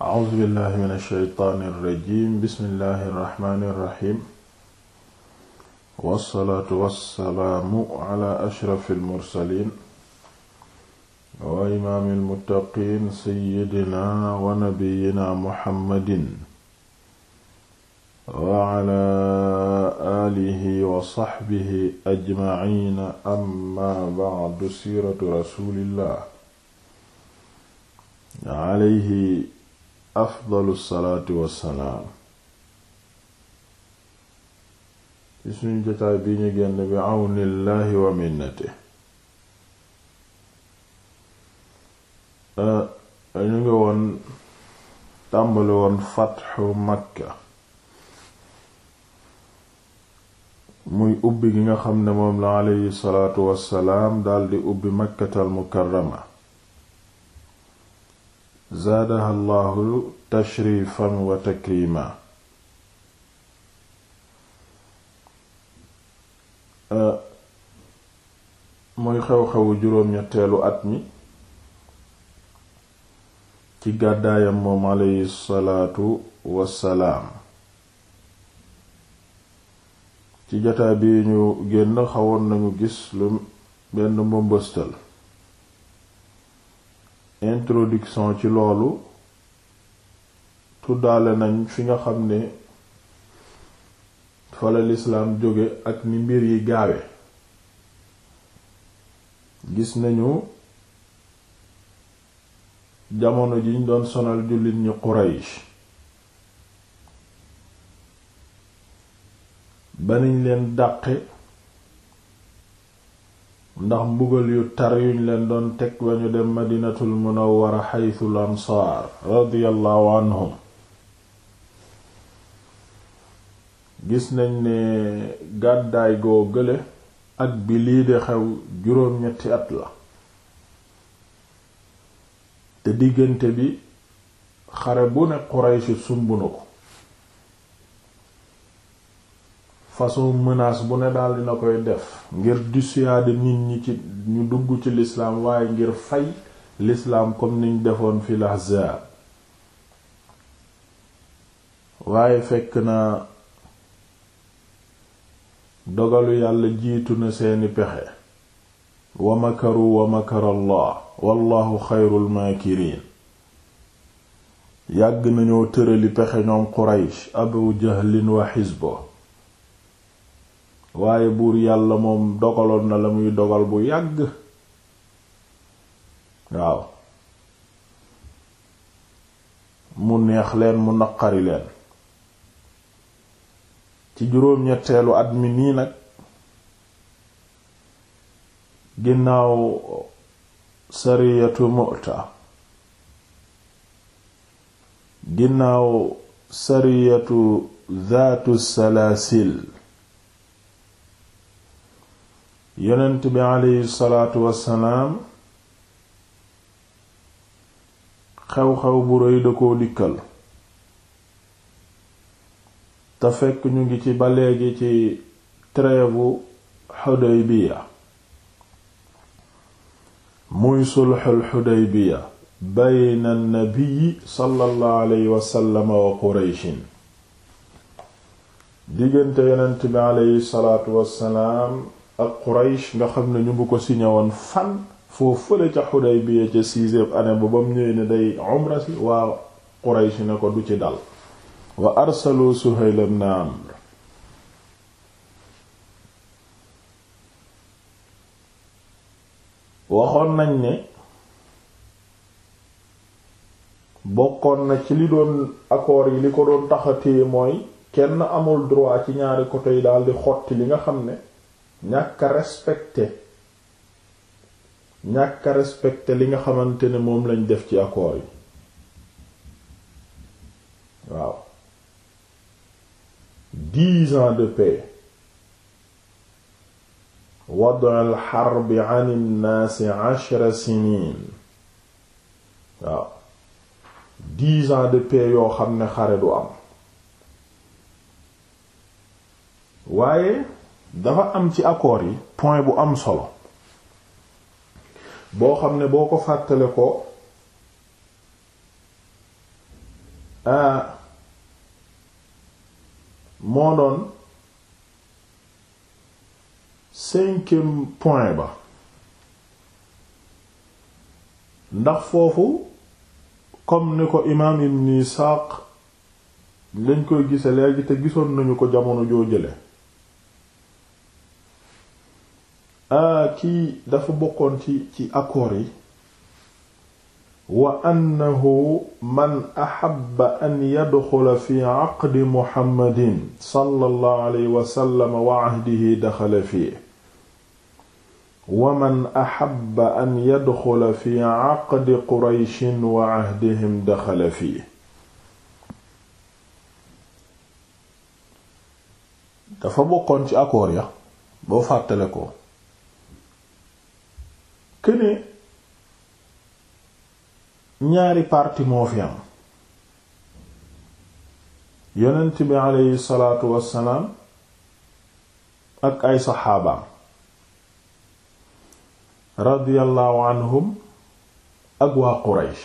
a'uuzu billahi min ash-shaytaani irrajim bismillahi irrahmaani irrahim wassalaatu wassalaamu ala ashrafi almursalin wa imaami almuttaqiin sayyidina wa nabiyyina muhammadin wa ala aalihi wa saxbihi ajmaciina amma bacdu siiratu rasuulillah alayhi afdalu salaatu wassalaam ci suñu jotaay bi ñu génn bi àwnillaahi wa minnati eh, ñu ngi woon tàmbali woon fatxu makka muy ubbi gi nga xam ne moom la aleyhi salaam wassalaam daldi ubbi makkatal mukarrama zaadaha llahu tashrifan wa takrima euh, muy xew-xewu juróom-ñetteelu at mi ci gàddaayam moom aleyhi salaatu wassalaam ci jataa bi ñu génn xawoon nañu gis lu benn mbëmbëstal introduction ci loolu tuddaale nañ fi nga xam ne fala lislaam jóge ak ni mbir yi gaawe gis nañu jamono jiñ doon sonal jullit ñi Quraysh ba niñ leen dàqe ndax mbugal yu tar yuñ leen doon teg ba ñu dem madinatul munawwara xaytul ansaar radiyallahu anhum gis nañ ne gàddaay goo gële ak bi lii de xew juróom-ñetti at la te diggante bi xare bu ne Quraysh sumb na ko façon menace bu ne daal dina koy def ngir dissuader nit ñi ci ñu dugg ci lislaam waaye ngir fay lislaam kom niñ defoon fi Ahzaab waaye fekk na dogalu yàlla jiitu na seeni pexe wa makaru wa makara allah wallahu xayrul maakiriin yàgg nañoo tërali pexe ñoom Quraysh Abu Jahlin wa xisbo waaye buur yàlla moom dogaloon na la muy dogal bu yàgg waaw mu neex leen mu naqari leen ci juróom-ñetteelu at mi nii nag ginnaaw sariyatu mu'ta ginnaaw sariyatu zaatu salaasil yonent bi aleyhi salaatu wassalaam xew-xew bu rëy da koo dikkal te fekk ñu ngi ci ba léegi ci trêve Xudaybiya muy sulxul Xudaybiya bayna nabii sallallahu alayhi wasallam wa Qurayshin diggante yonent bi aleyhi salaatu wassalaam ak Quraysh nga xam ne ñu ngi ko signé woon fan foo fële ca Xudaybiya ca sixième année ba bam ñëwee ne day umra si waa Quraysh ne ko du ci dal wa arsalu Suhayl ibn Amr waxoon nañ ne bokkoon na ci li doon accord yi li ko doon taxatee mooy kenn amul droit ci ñaari côté yi daal di xotti li nga xam ne ñàkk a ñàkk a li nga xamante ne moom lañ def ci accord yi waaw dix ans de paix wad al xarbi an nnaasi ashra sinin waaw dix ans de paix yoo xam ne xare du am waaye dafa am ci accords yi point bu am solo boo xam ne boo ko fàttale ko moo doon cinquième point ba ndax foofu comme ni ko imaam ibn Isaaq lañ koy gise léegi te gisoon nañu ko jamono joo jële Ah, kii dafa bokkoon ci ci accord yi wa annahu man axabba an yadxula fi caqdi muhammadin sallallahu alayhi wa sallam wa cahdihi daxala fiihi wa man axabba an yadxula fi caqdi qurayshin wa cahdihim daxala fiihi dafa bokkoon ci accord ya boo fàttale ko këne ñaari parti moo fi am yonent bi aleyhi salaatu wassalaam ak ay saxaabaam radiyallahu anhum ak waa Quraysh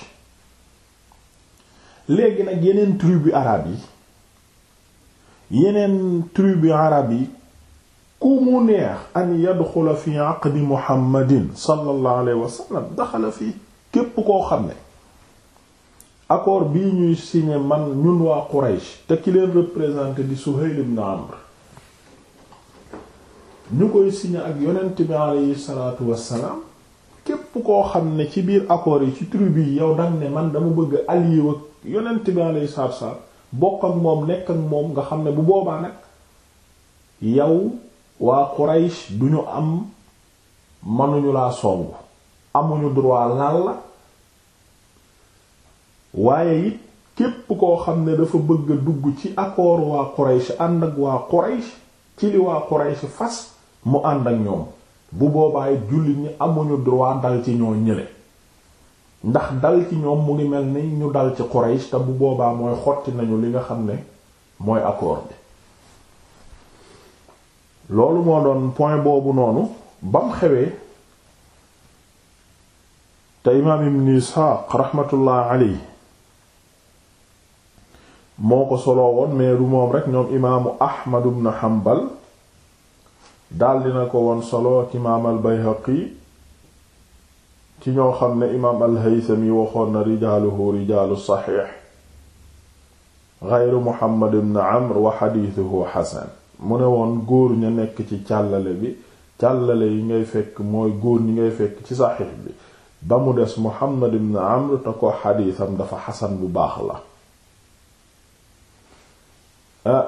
léegi nag yeneen tribu arab yi yeneen tribu arab yi ku mu neex an yadxula fi aqdi muhammadin sallallahu alayhi wa sallam képp koo xam ne accord bi ñuy signé man ñun waa Quraysh te ki leen représenté di Suhayl ibn Amr ñu koy signé ak yonent bi alayhi salaatu wassalaam képp koo xam ne ci biir accord yi ci tribu yi yow dang ne man dama bëgg allié ak yonent bi alayhi salaatu wassalaam bokk ak moom nekk ak moom nga xam ne bu boobaa nag yow waa Quraysh duñu am manuñu laa song amuñu droit laal la waaye it képp koo xam ne dafa bëgg a dugg ci accord waa Quraysh ànd ak waa Quraysh ci li waa Quraysh fas mu ànd ak ñoom bu boobaay jullit ñi amuñu droit dal ci ñoo ñële ndax dal ci ñoom mu ngi mel ni ñu dal ci Quraysh te bu boobaa mooy xotti nañu li nga xam ne mooy accord bi loolu moo doon point boobu noonu bam xewee te imaam ibn Isxaaq raxmatullah alayhi moo ko soloo woon mais du moom rek ñoom imaamu Ahmad ibn Hanbal daldi na ko woon solo ci imaam al Bayhaqi ci ñoo xam ne imaam al Haythami waxoon na rijaaluhu rijaalu saxiix gayru Muhammad ibn Amr wa xadiisuhu xasan mu ne woon góor ña nekk ci càllale bi càllale yi ngay fekk mooy góor ñi ngay fekk ci saxiix bi ba mu des Muhammad ibn Amr te ko xadiisam dafa xasan bu baax la ah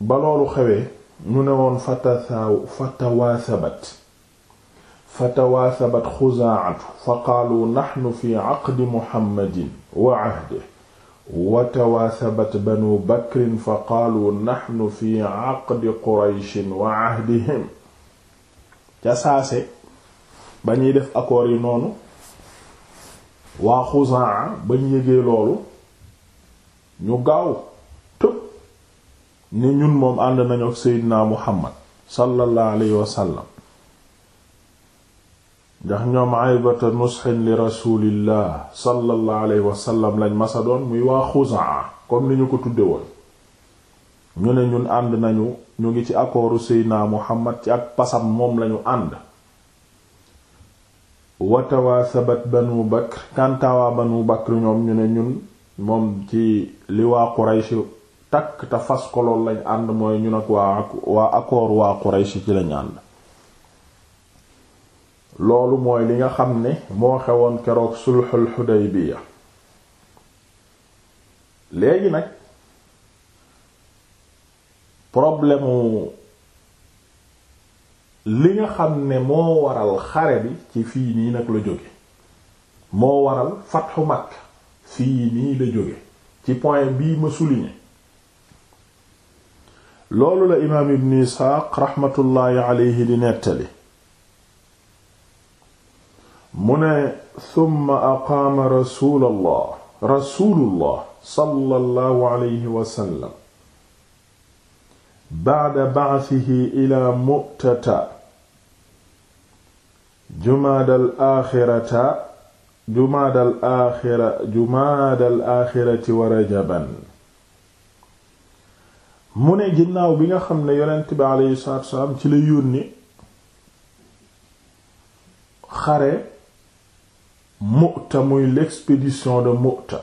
ba loolu xewee mu ne woon fatasaaw fatawaasabat fatawaasabat xuzaa'atu fa qaalu naxnu fi aqdi Muhammadin wa ahdihi watawaasabat banu bakrin fa qaalu naxnu fi aqdi qurayshin wa ahdihim ca saase ba ñuy def accords yi noonu waa Xuzaa ba ñu yëgee loolu ñu gaaw tëb ne ñun moom ànd nañu ak seydinaa muhammad sallallahu alayhi ndax ñoom aybata nusxin li rasulillah sallallahu alayhi wasallam lañ masa doon muy waa Xuzaa kom li ñu ko tudde woon ñu ne ñun ànd nañu ñu ngi ci accordu seydna Muhammad ci ak pasam moom lañu ànd watawaasabat banu Bakr kàntaawaa banu Bakr ñoom ñu ne ñun moom ci li waa Quraysh takk te fas ko lool lañ ànd mooy ñun ak waa waa accord waa Quraysh ci lañ ànd loolu mooy li nga xam ne moo xewoon keroog sulxul xudaybiya léegi nag problème li nga xam ne moo waral xare bi ci fii nii nag la jóge moo waral fatxu Makka fii nii la jóge ci point bi ma souligné loolu la imaam ibn Isxaaq raxmatullaahi di nettali mu ne summa aqaama rasulallah rasulullah sallallahu alayhi wa sallam ba'da ba'thihi ila mu'tata jumaadal aaxirata jumaadal aaxira jumaadal aaxirati wa rajaban mu ne ginnaaw bi nga xam ne yonent bi aleyhi salaatu wa salaam ci la yónni xare Mu'ta muy l'expédition de Mu'ta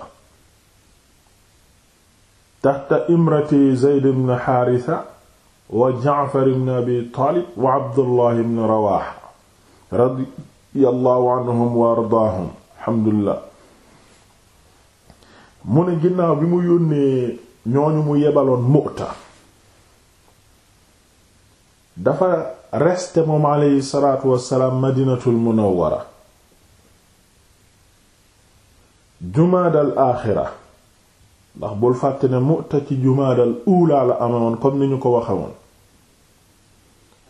taxta imrati Zayd ibn Haarisa wa Ja'far ibn Abi Taalib wa Abdullah ibn Rawaaha radiyallahu anhum wa ardaahum alhamdulillah mu ne ginnaaw bi mu yónnee ñooñu mu yebaloon Mu'ta dafa reste moom aleyhi salaatu wassalaam Madinatul Munawwara jumaadal aaxira ndax bul fàtte ne Mu'ta ci jumaadal uulaa la amoon comme ni ñu ko waxe woon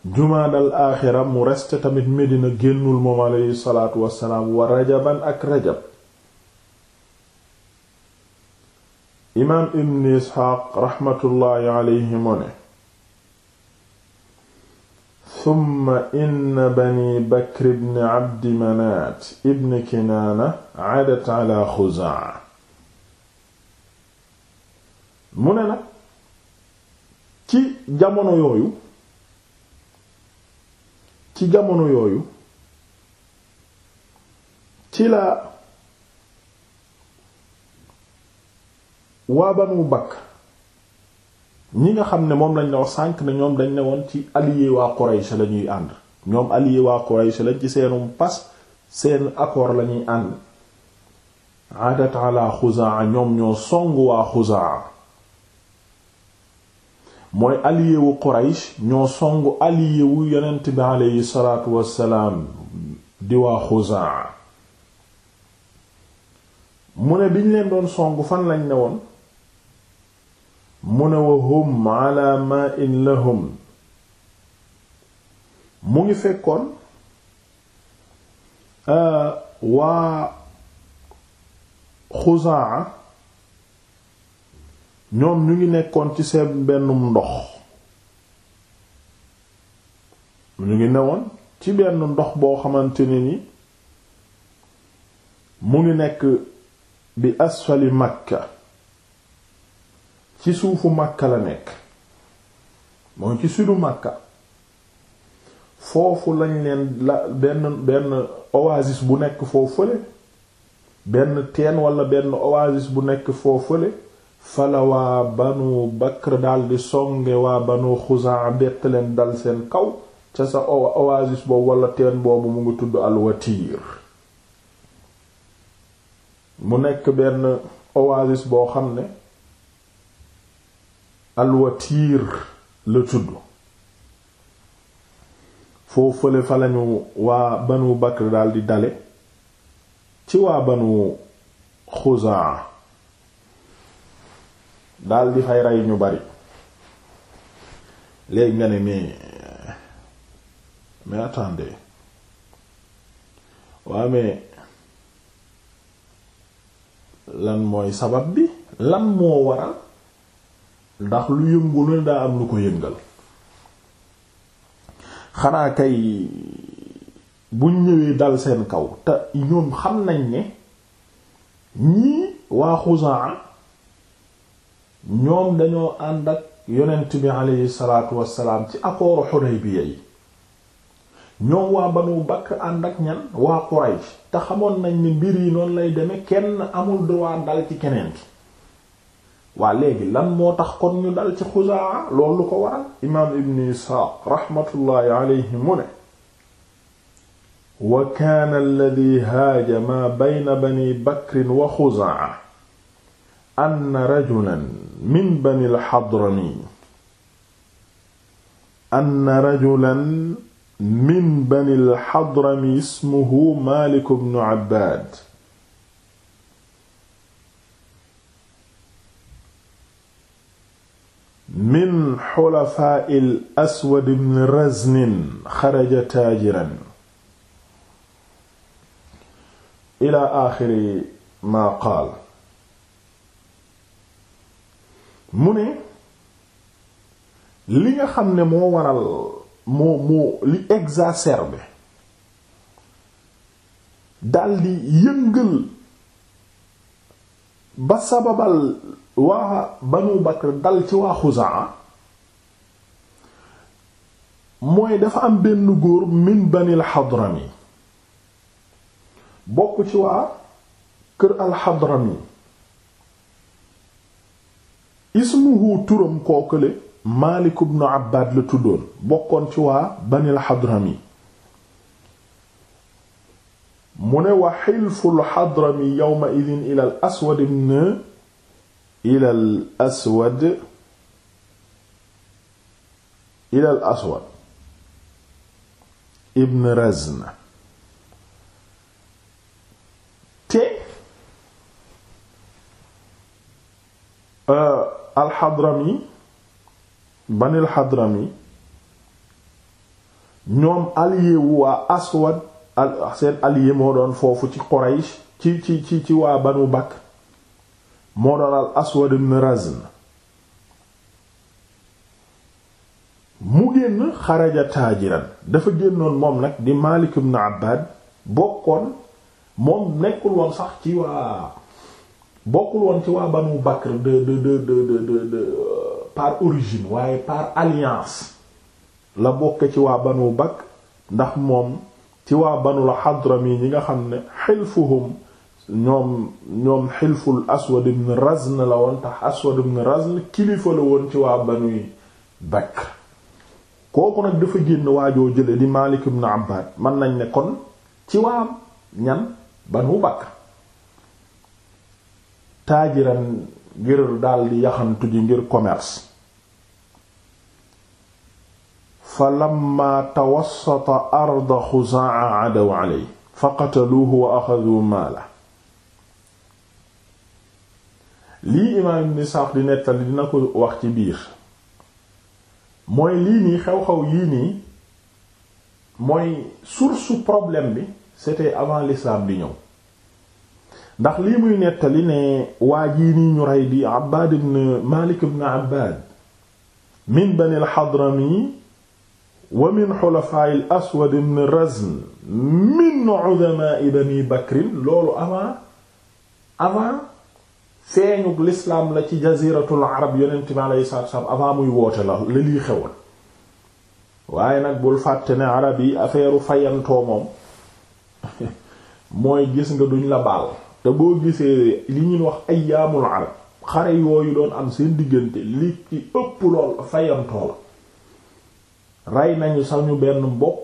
jumaadal aaxira mu reste tamit Medina génnul moom aleyhi salaatu wassalaam wa rajaban ak rajab imaam ibn Isxaaq raxmatullaahi aleyhi mu ne summa inna bani bakr ibn abdi manaat ibn kinaana aadat ala xuzaa mu ne nag ci jamono yooyu ci jamono yooyu ci la waa banu bakr ñi nga xam ne moom lañ la wax sànq ne ñoom dañ ne woon ci allié waa Quraysh la ñuy ànd ñoom allié waa Quraysh lañ ci seenum pas seen accord la ñuy ànd adat ala Xuzaa ñoom ñoo song waa Xuzaa mooy allié wu Quraysh ñoo song allié wu yonent bi aleyhi salaatu wassalaam di waa Xuzaa mu ne biñ leen doon song fan lañ ne woon mu ne wa hum mu ngi fekkoon euh, waa Xuzaa ñoom ñu ngi nekkoon ci seen bennum ndox ñu ngi newoon ci benn ndox boo xamante ne ni mu ngi nekk bi asfali Makka ci suufu Makka la nekk moo ci sudu Makka foofu lañ leen la benn benn oasis bu nekk foo fële benn teen walla benn oasis bu nekk foo fële fala waa banu Bakr dal di songe waa banu Xuzaa bett leen dal seen kaw ca sa oasis boobu wala teen boobu mu ngi tudd alwatiir mu nekk benn oasis boo xam ne alwatiir la tudd foofu fële fa lañu waa banu bakr dal di dale ci waa banu xuzaa dal di fay rey ñu bari léegi nga ne mais mais waa mais lan mooy sabab bi lan moo waral ndax lu yëngu lu ne daa am lu ko yëngal xanaa kay buñ ñëwee dal seen kaw te ñoom xam nañ ni ñii waa Xuzaa ñoom dañoo ànd ak yonent bi aleyhi salaatu wassalaam ci accord Hudaybiya yi ñoom waa Banu bakk ànd ak ñan waa Quraysh te xamoon nañ ni mbir yi noonu lay demee kenn amul droit dal ci keneen ki waa léegi lan moo tax kon ñu dal ci Xuzaa loolu lu ko waral imaam ibn Isxaaq raxmatullaahi alayhi mu ne wa kaana alladi haaja maa bayna bani bakrin wa Xuzaa anna rajulan min bani al-Hadrami anna rajulan min bani al-Hadrami ismuhu Maalik ibn Abbaad min xulafaa'il aswad ibn raznin xaraja taajiran ila aaxiri maa qaal mu ne li nga xam ne moo waral moo moo li exacerbé daldi yëngal ba sababal waa banu Bakr dal ci waa Xuzaa mooy dafa am benn góor min banil Hadrami bokk ci waa kër al-Hadrami ismuhu turam kookale Maalik ibn Abbaad la tuddoon bokkoon ci waa banil Hadrami mu ne wa xilful Hadrami yawma idin ila al ilal aswad ilal aswad ibn Razn te alxadrami banil ñoom allié waa aswad seen allié moo doon foofu ci Quraysh ci ci ci waa Banu Bakr moo doon al aswad ibn mu génn xaraja dafa génnoon moom nag di malik ibn abbad bokkoon moom nekkul woon sax ci waa bokkul woon ci waa banu bakr de de de de de de par origine waaye par alliance la bokke ci waa wu bakr ndax moom ci waa banul yi ñi nga xam ne xilfuhum ñoom ñoom xilful aswad ibn razn la woon tax aswad ibn razn kilifa la woon ci waa banuy bakr kooku nag dafa génn waajoo jële di malik ibn abbad mën nañ ne kon ci waa ñan banu bakr taajiran ngir daldi yaxantu ji ngir commerce fa lamma tawassata arda xuzaa adaw aley fa qataluuhu wa axaduu maala lii imaam ibn Isaaq di nettali dina ko wax ci biir mooy lii nii xew-xew yii nii mooy source problème bi c'était avant l'islam di ñëw ndax lii muy nettali ne waa jii nii ñu rey bi Abbaad ibn Maalik ibn Abbaad min bani al wa min xulafaa aswad ibn Razn min udamaa bani Bakrin loolu avant avant feeñug lislaam la ci jaziratul arab yonent mi alayhi salaatu wa salaam avant muy woote la li lii xewoon waaye nag bul fàtte ne arab yi affaire fayantoo moom mooy gis nga duñ la baal te boo gisee li ñuy wax ayyaamul arab xare yooyu doon am seen diggante li ci ëpp lool fayantoo la rey nañu sañu benn mbokk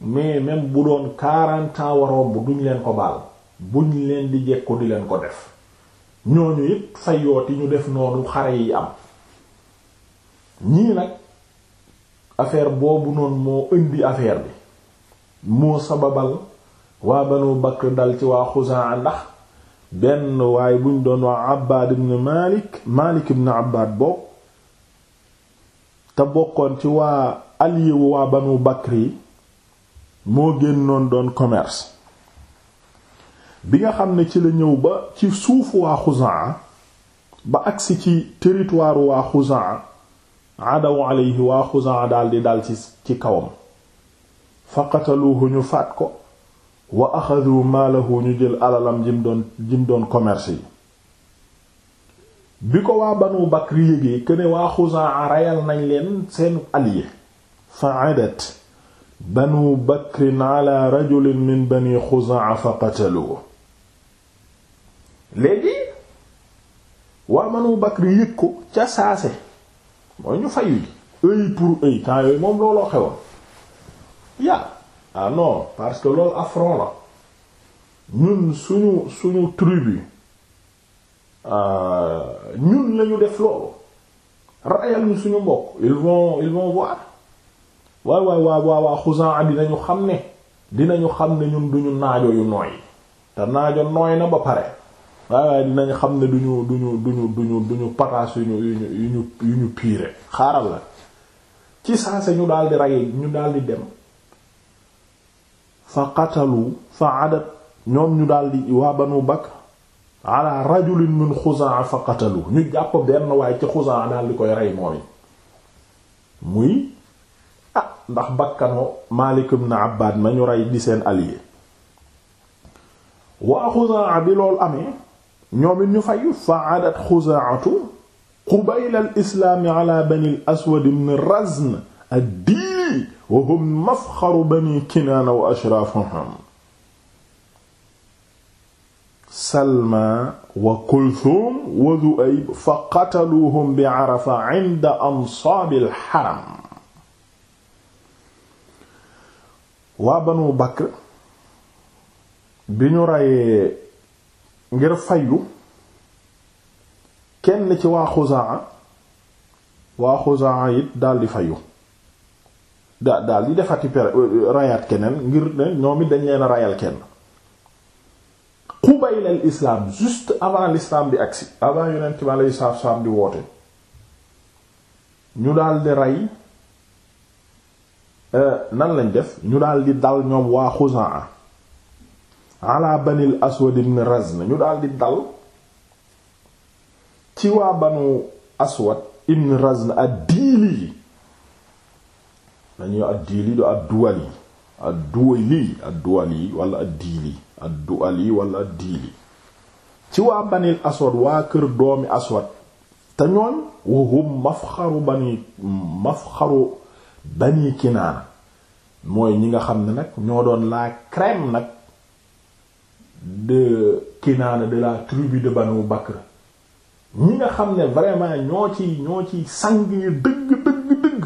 mais même bu doon quarante ans bu duñ leen ko baal buñ leen di jekko di leen ko def ñooñu yépp fayooti ñu def noonu xare yi am ñii nag affaire boobu noonu moo indi affaire bi moo sababal waa Banu Bakr dal ci waa Xuzaa ndax benn waaye buñ doon waa Abbaad ibn Malik Malik ibn Abbaad bokk te bokkoon ci waa allié waa Banu Bakr yi moo génnoon doon commerce bi nga xam ne ci la ñëw ba ci suufu waa Xuzaa ba agsi ci territoire waa Xuzaa adaw alayhi waa Xuzaa daldi dal ci kawam fa qataluuhu ñu faat ko wa axadu maalahu ñu jël alalam jim doon commerce yi bi ko waa Banu Bakr yégee que ne waa Xuzaa reyal nañ leen seen allié fa adat Banu Bakrin ala rajulin min bani Xuzaa fa qataluuhu léegi waa manu Bakri yëg ko ca saase mooy ñu fay ji œil pour œil temps yooyu moom looloo xewoon yaa ah non parce que loolu affront la ñun suñu suñu tribu euh, ñun lañu def loolu rayal ñu suñu mbokk ils vont ils vont voir waay waay waa waa waa Xuzaa dinañu xam ne dinañu xam ne ñun duñu naajo yu nooy te naajo nooy na ba pare waaye waaye dinañ xam ne duñu duñu duñu duñu duñu pataas yu ñu yu ñu yu ñu yu ñu piire xaaral la ci saase ñu daldi rey ñu daldi dem fa qatalu fa adat ñoom ñu daldi waa banu bakk ala rajulin min xuzaa fa qatalu ñu jàpp benn waaye ci xuzaa daldi koy rey mooy muy ah ndax bakkanoo Maalik ibn Abbaad ma ñu rey di seen allié waa a bi loolu amee ñoom it ñu fayu fa'adat xuzaatu qubayla al islaami ala bani al aswad ibn razn ad-diili wa hum mafxaru bani kinaana wa ashraafuhum salma wa kulthum wa dhu'ayb fa qataluuhum bi arafa 'inda ansaabi al haram waa banu bakr bi ñu rayee ngir fayyu kenn ci waa Xuzaa waa Xuzaa it daldi fayyu da daldi defati per rayaat keneen ngir ne ñoom it dañ leen rayal kenn qubayla al islam juste avant l'islam bi agsi avant yonent bi alayhi salaatu salaam di woote ñu daldi ray euh, nan lañ def ñu daldi dal ñoom waa Xuzaa ala banil aswad ibn razn ñu daldi dal ci waa banu aswad ibn razn ad-diili dañuy ad-diili du ad-duwali ad-duwali ad-duwali wala ad-diili ad ci waa banil aswad waa kër doomi aswad te ñooñ wahum mafxaru bani mafxaru bani kinaana mooy ñi nga xam ne nag ñoo doon la crème nag de Kinaana de la bi de Banu Bakr ñi nga xam ne vraiment ñoo ci ñoo ci sang ñu dëgg dëgg dëgg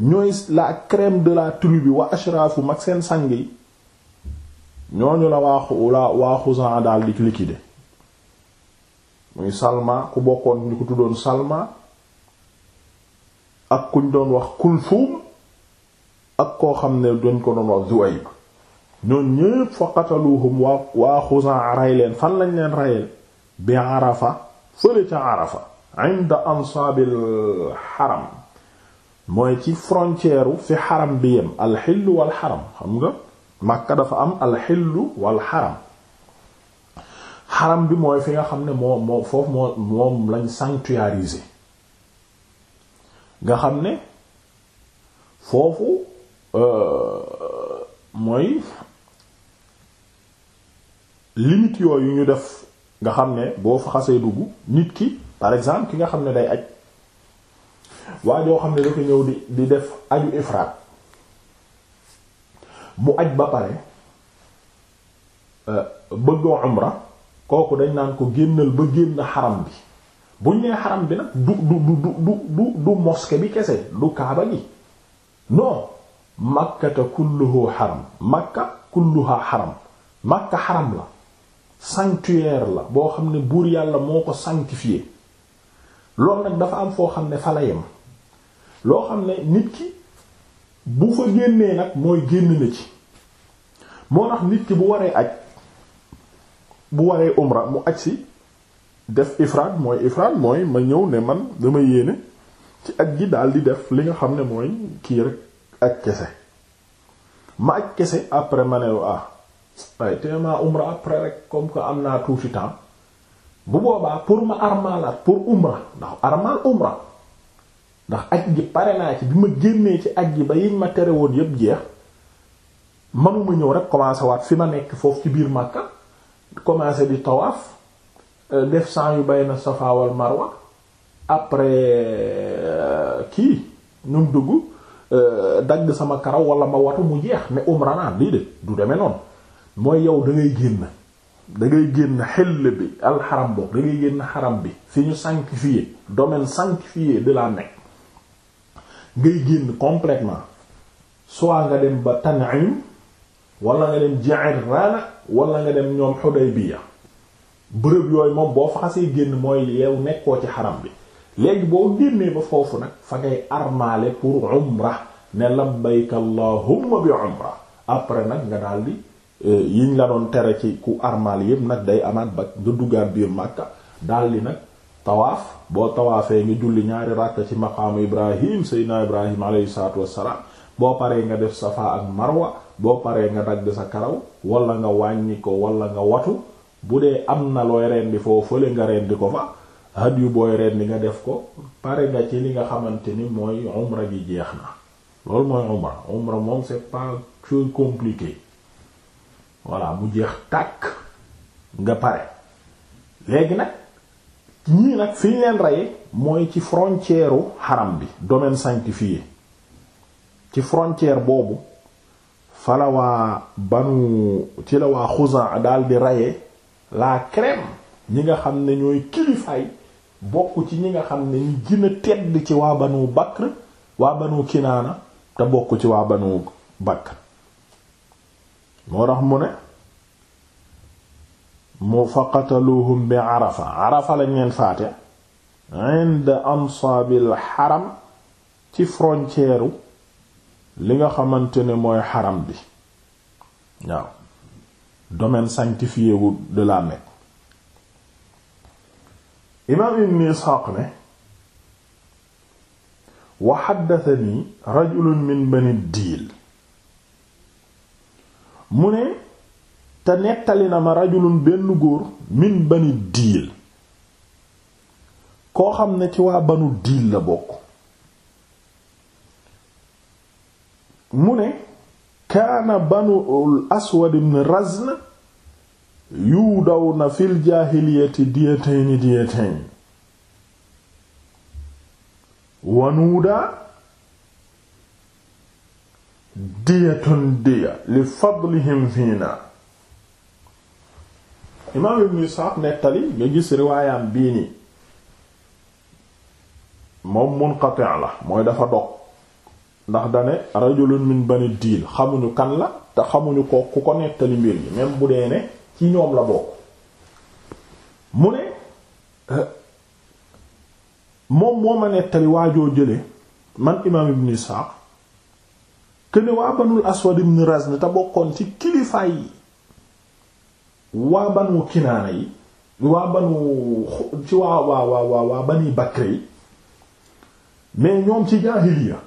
ñooy la crème de la tribu wa ashraafu mag seen sang yi ñooñu la waaxu la waa Xuzan daal di de muy Salma ku bokkoon ñu ko tuddoon Salma ak kuñ doon wax Kulthum ak koo xam ne dañ ko doon wax Zuwayb ñoon ñépp fa qataluhum waa waa Xuzaa rey leen fan lañ leen reyel bi Arafa fële ca Arafa inda ansaabil xaram mooy ci frontière fi xaram bi yem alxillu wal xaram xam nga Makka dafa am alxillu wal xaram xaram bi mooy fi nga xam ne moo moo foofu moo lañ sanctuarisé xam ne foofu euh, mooy limite yooyu ñu def nga xam ne boo fa xasee dugg nit ki par exemple ki nga xam ne day aj waa joo xam ne dafa ñëw di di def aju ifraat mu aj ba pare euh, bëggoo umra kooku dañ naan ko génnal ba génn xaram bi buñ nee xaram bi nag du du du du du du bi kese du kaaba gi non makkata kulluhu xaram makka kulluha xaram makka xaram la sanctuaire la boo xam ne buur yàlla moo ko sanctifié loolu nag dafa am foo xam ne fa la loo xam ne nit ki bu fa génnee nag mooy génn na ci moo tax nit ki bu waree aj bu waree umra mu aj si def ifraad mooy ifraad mooy ma ñëw ne man dama yéene ci aj gi daal di def li nga xam ne mooy kii rek aj kese ma aj kese après ma ne ah waaye téemaa umra après rek comme que am naa tuuti temps bu boobaa pour ma armalaat pour umra ndax armal umra ndax aj gi pare naa ci bi ma génnee ci aj gi ba yiñ ma tere woon yépp jeex manuma ñëw rek commencé waat fi ma nekk foofu ci biir Makka commencé di tawaaf euh, def sang yu bay na Safa wal Marwa après euh, kii ñu mu dugg euh, dagg sama karaw wala ma watu mu jeex ne umra naa lii de du demee noonu mooy yow da ngay génn da génn xel bi alxaram boobu génn xaram bi fi ñu sanctifié domaine sanctifié de la Mecque ngay génn completement soit nga dem ba Tan'im walla nga dem Ji'rana wala nga dem ñoom Hudaybiya bërëb yooyu moom boo fa génn mooy yow nekkoo ci xaram bi léegi boo génnee ba foofu nag fa ngay armaale pour umra ne labbayka allahumma bi umra après nag nga daldi Eh, yiñ la doon tere ci ku armal yëpp nag day amaat ba nga duggaat biir Makka daldi nag tawaaf boo tawaafee nga julli ñaari ràkk ci maqaamu Ibrahim seydinaa Ibrahim aleyhi salaatu wassalaam boo paree nga def Safa ak Marwa boo paree nga dagg sa karaw wala nga wàññi ko wala nga watu bu dee am na looy rendi foo fële nga rendi ko fa had booy rendi nga def ko pare nga ci li nga xamante ni mooy umra gi jeex na loolu mooy umra umra moom c'est pas chose compliquée voilà mu jeex tàkk nga pare léegi nag ñii nag fi ñu leen reye mooy ci frontière u xaram bi domaine sanctifié ci frontière boobu fala waa banu ci la waa Xuzaa daal di reye laa crème ñi nga xam ne ñooy kilifaay bokk ci ñi nga xam ne ñu gën tedd ci waa banu Bakr waa banu Kinaana te bokk ci waa banu Bakr moo tax mu ne mu faqataluhum bi arafa arafa lañ leen faate inda ansaabil xaram ci frontière li nga xamante ne mooy xaram bi waaw domaine sanctifié wu de la Mecque imaam ibn Isxaaq ne wa xaddatani rajulun min bani Diil mu ne te nettali na ma rajulun benn góor min bani diil koo xam ne ci waa banu diil la bokk mu ne kaana banul aswad ibn razn yuudaw na fil jaahiliyati diyatayni diyatayni wanuudaa diyatun diya li fadlihim fiina imaam ibn Isxaaq nettali nga gis riwaayam bii nii moom munqati' la mooy dafa dog ndax dane rajulun min bani diil xamuñu kan la te xamuñu ko ku ko nettali mbir yi même bu dee ne ci ñoom la bokk mu ne euh, moom moo ma nettali waajoo jële man imaam ibn Isxaaq këne waa banul aswad ibn Razn te bokkoon ci kilifaay yi waa banu kinaana yi waa banu ci waa waa waa waa bani Bakr yi mais ci jaahiliya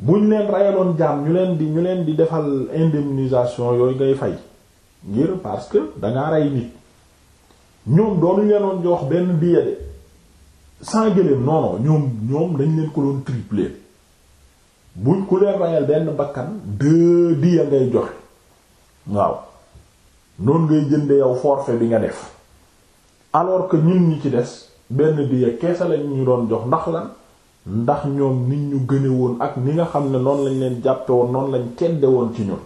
buñ leen rayaloon ñu leen di ñu leen di defal indemnisation yooyu ngay fay ngir parce que dangaa rey nit ñoom doonuñ leenoon jox benn billet de cent gëléem non ñoom ñoom dañ leen ko doon tripler buñ ku leen rayal benn bakkan deux diya ngay joxe waaw noonu ngay jënde yow forfait bi nga def alors que ñun ñi ci des benn diya keesa lañ ñu doon jox ndax la ndax ñoom nit ñu gëne woon ak ni nga xam ne noon lañ leen jàppe woon noonu lañ tedde woon ci ñun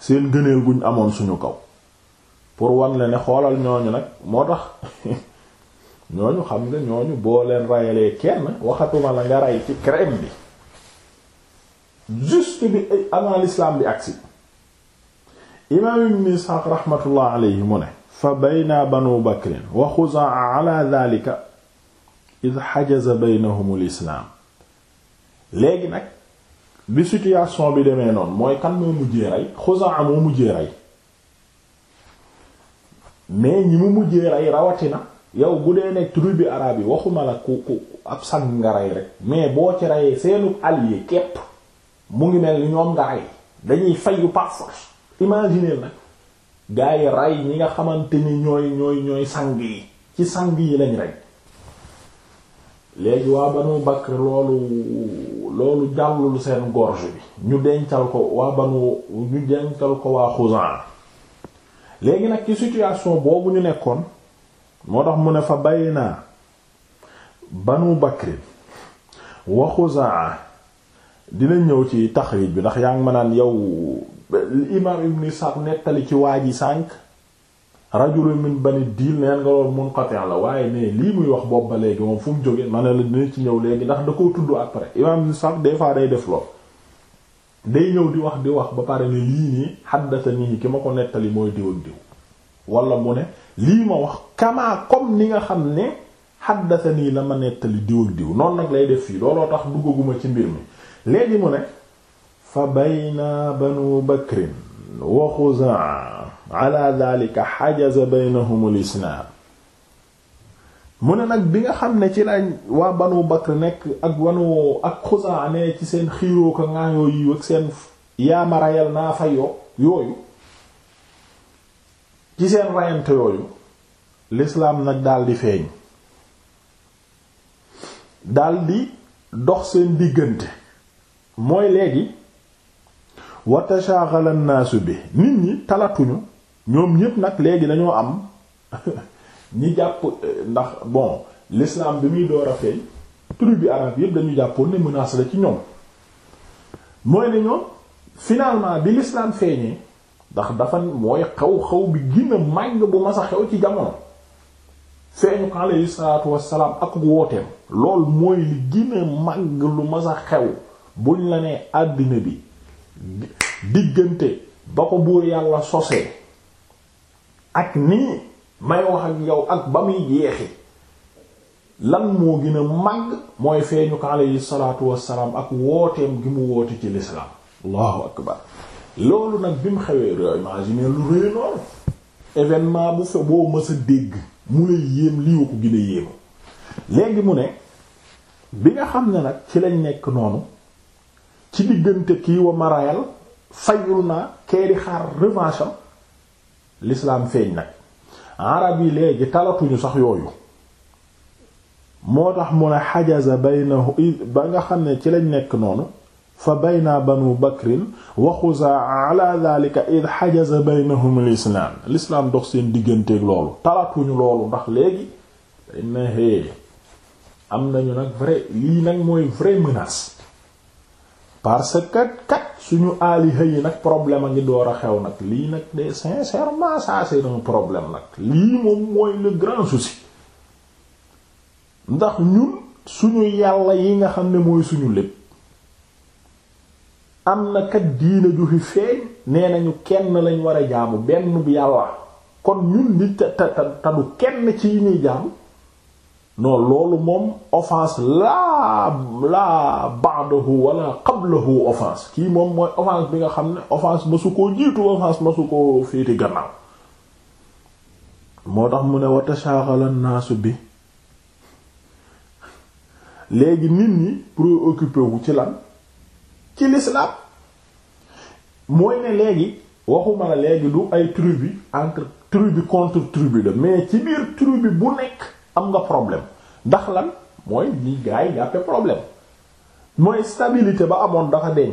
seen gëneel guñ amoon suñu kaw pour wan la ne xoolal ñooñu nag moo tax ñooñu xam nga ñooñu boo leen rayalee kenn waxatuma la nga ray ci crème bi juste bi avant l'islam bi agsi imaam ibn Isxaaq raxmatullah mu ne fa bayna banu bakrin wa xuzaa ala daalika id xajaza baynahum lislaam nag bi situation bi demee noonu mooy kan moo mujjee rey xuzaa moo mujjee rey mais ñi mu mujjee rey rawatina yow bu dee nekk tribu araab yi waxuma la ku ku ab sang nga rey rek mais boo ci reyee seenu allié képp mu ngi mel ñoom nga rey dañuy fayu par force imaginer nag gaa yi rey ñi nga xamante ni ñooy ñooy ñooy sang yi ci sang yi lañ rek léegi waa Banu Bakr loolu loolu jàllul seen gorge bi ñu dencal ko waa Banu ñu dencal ko waa Xuzan léegi nag ci situation boobu ñu nekkoon moo tax mu ne fa bay naa Banu Bakr wa Xuzan dinañ ñëw ci taxriij bi ndax yaa ngi ma naan yow imaam ibn Isaaq nettali ci waa ji sànq rajulun min bani diil neen nga loolu munqati' la waaye ne lii muy wax boobu ba léegi moom fu jógee ma ne la dinañ ci ñëw léegi ndax da koo tudd après imaam ibn Isaaq des fois day def lool day ñëw di wax di wax ba pare ne lii nii haddathanii ki ma ko nettali mooy diw ak diw wala mu ne lii ma wax kamaa kom ni nga xam ne haddathanii la ma nettali diw ak diw noonu nag lay def fii looloo tax duggaguma ci mbir mi. léegi mu ne fa bayna banu bakrin wa xuzaa ala daalika xajaza mu ne nag bi nga xam ne ci lañ waa banu bakr nekk ak wanu ak xuzaa ne ci seen xiiroo ko ngaayoo yiw ak seen yaama rayal naa fa yo yooyu ci seen rayante yooyu lislaam nag daldi feeñ daldi dox seen diggante mooy léegi wa tashaghala an bi nit ñi talatuñu ñoom ñépp nag léegi dañoo am ñi jàpp ndax bon l'islam bi muy door a feeñ tribu arabe yépp dañu jàppoon ne menace ci ñoom mooy ne ñoom finalement bi l'islam feeñee ndax dafa mooy xaw-xaw bi gën a màgg bu mas a xew ci jamono feeñu ko alayhi salaatu wassalaam ak wooteem lool mooy li gën a màgg lu mas xew buñ la nee àddina bi diggante ba ko buur yàlla sosee ak nii may wax ak yow ak ba muy jeexi lan moo gën a màgg mooy feeñu ko aleyhi salaatu wassalaam ak wooteem gi mu woote ci lislaam allahu akbar loolu nag bi mu xewee réew imaginer lu rëy noonu événement bu fe boo mës a dégg mu lay yéem lii wa ko gën a yéemu léegi mu ne bi nga xam ne nag ci lañ nekk noonu ci diggante kii wa marayal fayul naa kay di xaar revanche am l'islam feeñ nag arab yi léegi talatuñu sax yooyu moo tax mu ne xajaza baynahu ba nga xam ne ci lañ nekk noonu fa bayna banu bakrin wa xuzaa ala dhalika id xajaza baynahum lislaam lislaam dox seen digganteeg loolu talatuñu loolu ndax léegi am nañu nag vrai lii nag mooy vraie menace parce que kat suñu aaliha yi nag problème a ngi door a xew nag lii nag de sincèrement ça c'est un problème nag lii moom mooy le grand souci ndax ñun suñu yàlla yi nga xam ne mooy suñu lépp am na kat diina ju fi feeñ nee nañu kenn lañ war a jaamu benn bu yàlla kon ñun di ta ta ta kenn ci yi ñuy jaamu non loolu moom offense laa laa ba'dahu wala qablahu offense kii moom mooy offense bi nga xam ne offense masu ko jiitu offense masu ko féete gannaaw moo tax mu ne wa tashaghala naasu bi léegi nit ñi préoccupé ci lan ci l'islam mooy ne léegi waxuma la léegi du ay tribu entre tribu contre tribu la mais ci biir tribu bu nekk am nga problème ndax lan mooy li gaa yi jàppe problème mooy stabilité ba amoon dafa deñ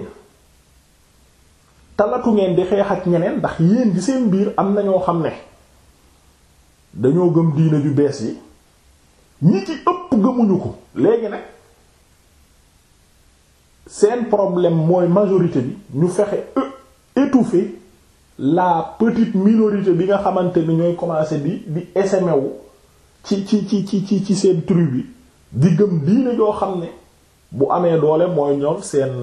talatu ngeen di xeex ak ñeneen ndax yéen di seen biir am na ñoo xam ne dañoo gëm diina ju bees yi ñi ci ëpp gëmuñu ko léegi nag seen problème mooy majorité bi ñu fexe étouffer la petite minorité bi nga xamante ni ñooy commencer bi di SMU. ci ci ci ci ci ci seen tribu bi di gëm joo xam ne bu amee doole mooy ñoom seen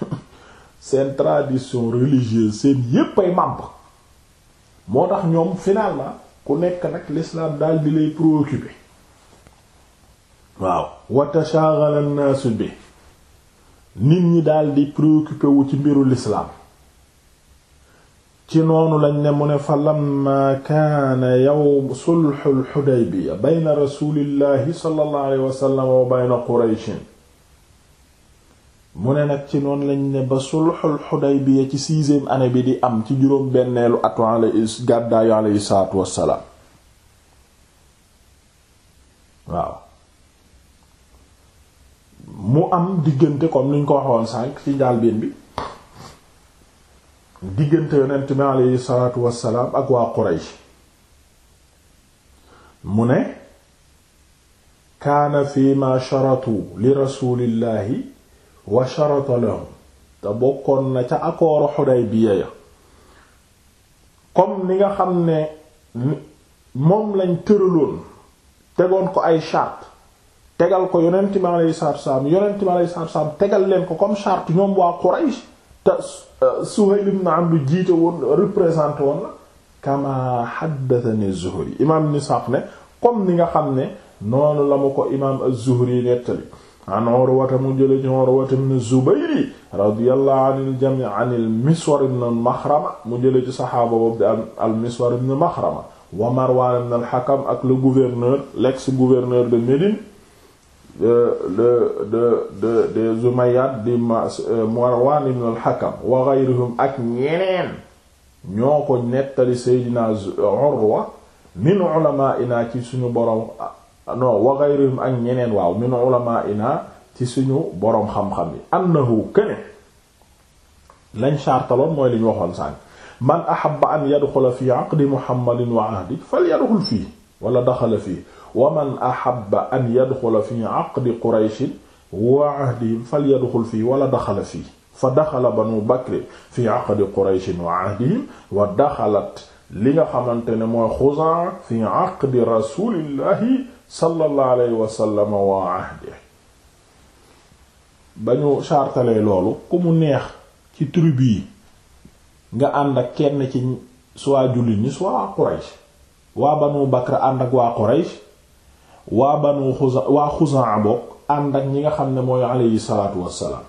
seen tradition religieuse seen yépp ay moo tax ñoom finalement ku nekk nag l'islam daal di lay préoccupé waaw wa tashaghala an bi nit ñi daal di préoccupé wu ci mbiru l'islam ci noonu lañ ne mu ne fa lamma kaana yow sulxul xudaybiya bayna rasulillahi sallallahu alayhi wa bayna qurayshin mu ne nag ci noonu lañ ne ba sulxul xudaybiya ci sixième année bi di am ci juróom benneelu atu gàddaayu aleyhi salaatu wassalaam waaw mu am diggante comme niñ ko waxoon sànq ci njàlbéen bi diggante yonent bi aleyhi salaatu wassalaam ak waa Quraysh mu ne kaana fi ma sharatu li rasuulillaahi wa sharata lahum te bokkoon na ca accord Hudaybiya ya comme ni nga xam ne moom lañ tëraloon tegoon ko ay charte tegal ko yonent bi aleyhi salaatu wassalaam yonent bi aleyhi salaatu wassalaam tegal leen ko comme charte ñoom waa Quraysh te Suhayl ibn Amr jiite woon représenté woon la kama haddathani Zuhri imaam ibn Sa'd ne comme ni nga xam ne noonu la ma ko imaam az-Zuhri nettali an Urwata mu jële ci Urwata ibn Zubayr radiyallahu anil jami' anil Miswar ibn Maxrama mu jële ci saxaaba boobu al Miswar ibn Maxrama wa Marwan ibn al-Hakam ak le gouverneur l'ex gouverneur de Médine de de de des Umayyad di euh, Marwan ibn al wa ghayrihum ak ñeneen ñoo ko nettali Seydina Urwa min ci suñu boroom non waaw min ulamaa'inaa ci suñu borom xam-xam yi annahu kene lañ chartaloon mooy li ñu waxoon sànq man ahabba an yadxula fi aqdi Muhammadin wa ahdi falyadxul fii wala daxala fii wa man ahabba an yadxula fi aqdi qurayshin wa ahdihim falyadxul fii wala daxala fii fa daxala banu bakri fi aqdi qurayshin wa ahdihim wa daxalat li nga xamante ne mooy xuzaa fi aqdi rasulillahi sallallahu alayhi wa sallam wa ahdihi ba ñu chartalee loolu ku mu neex ci tribu yi nga ànd ak kenn ci soit jullit ñi soit Quraysh waa Banu Bakr ànd ak waa Quraysh waa banu xuza waa xuzaa bokk ànd ak ñi nga xam ne mooy aleyhi salaatu wassalaam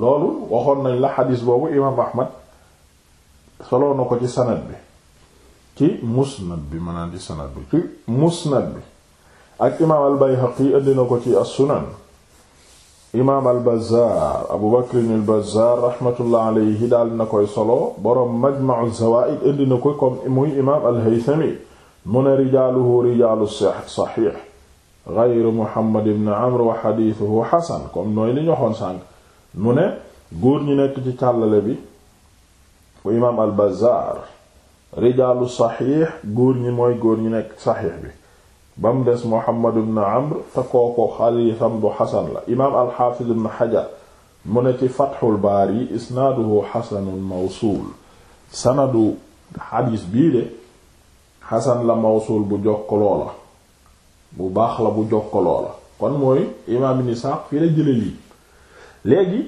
loolu waxoon nañ la xadiis boobu imaam ahmad soloo na ko ci sanad bi ci musnad bi mënaan ci sanad bi ci musnad bi ak imaam al bayhaqi indi ko ci as-sunan imaam al bazaar abu bakrin al bazaar raxmatullah aleyhi daal na koy solo boroom majma'u zawaa'id indi na muy imaam al mu ne rijaaluhu rijaalu saxiix gayru muhammad ibn amr wa xadiisuhu xasan comme nooy li ñu waxoon sànk mu ne góor ñi nekk ci càllale bi bu imaam al bazaar rijaalu saxiix góor ñi mooy góor ñi nekk saxiix bi ba mu des muhammad ibn amr te kooku xadiisam bu xasan la imaam al xaafiz ibn xajar mu ne ci fatxul baar yi isnaaduhu xasanun mawsuul sanadu xadiis bii de xasan la mawsul bu jokkaloo la bu baax la bu jokkaloo la kon mooy imaam ibn Isaaq fii la jële lii léegi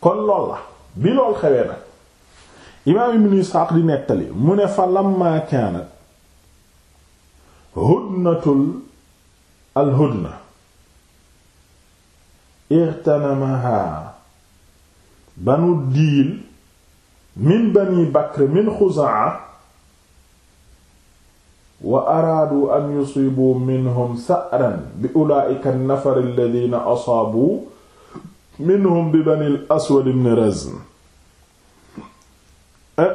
kon lool la bi lool xewee nag imaam ibn Isaaq di nettali mu ne fa lamma kaanat hudnatul al hudna irtanamaha banu diil min bani bakr min xuzaa wa araadu an yusibu minhum sa'ran bi ulaa'ika an-nafar alladhina asaabu minhum bi bani al-aswad ibn razn eh,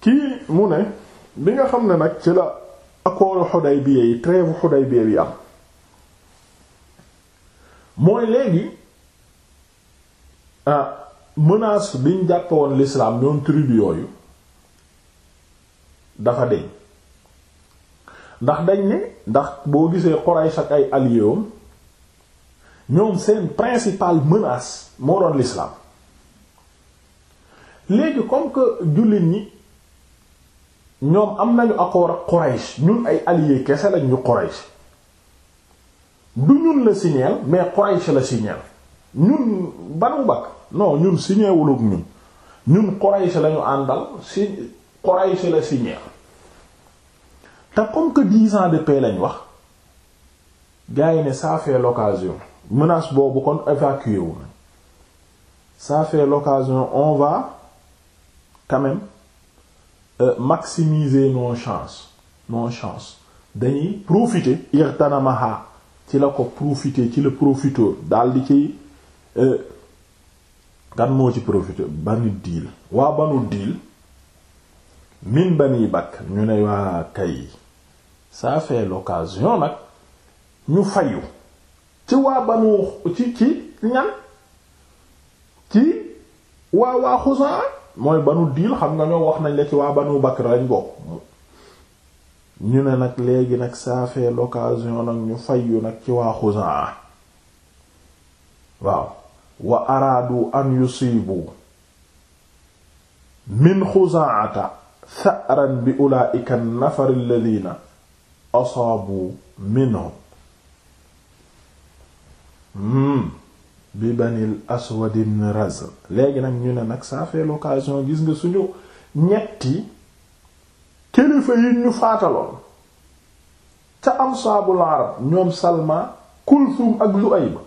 kii mu ne bi nga xam ne nag ci la accord Hudaybiya yi trêve Hudaybiya bi am mooy léegi ah menace biñ jàppe woon l'islam ñoom tribu yooyu dafa deñ ndax dañ ne ndax boo gisee Quraysh ak ay alliés ñoom seen principal menace moo doon l'islam léegi comme que jullit ñi ñoom am nañu accord ak Quraysh ñun ay allier kese lañ ñu Quraysh du ñun la signeel mais Quraysh la signeel ñun Banu Bakr non ñun signé wul ñun ñun Quraysh lañu àndal si Quraysh la signé te comme que dix ans de paix lañ wax gars yi ne ça fait boobu kon évacué wu nañ ça fait on va quand même euh, maximiser nos chances nos chances dañuy profiter irtanamaha ci la ko profiter ci la profiteur daal di ciy euh, kan moo ci profité banu diil waa banu diil min bani bakk ñu ne waa kay ça fait l'occasion nag ñu fayu ci waa banu ci ci ñan ci waa waa xusaa mooy banu diil xam nga ñoo wax nañ la ci waa banu bakk lañ bokk ñu ne nag léegi nag ça fait l'occasion nag ñu fayu nag ci waa xusaa waaw wa araadu an yusiibu min xuzaata tha'ran bi ulaa'ika an-nafar alladhiina asaabu minhum hmm, bi banil aswad ibn razn léegi nag ñu ne nag ça fait l'occasion gis nga suñu ñetti kilifa yi ñu faataloon ca ansaabul arab ñoom salma kulsum ak lu'ayba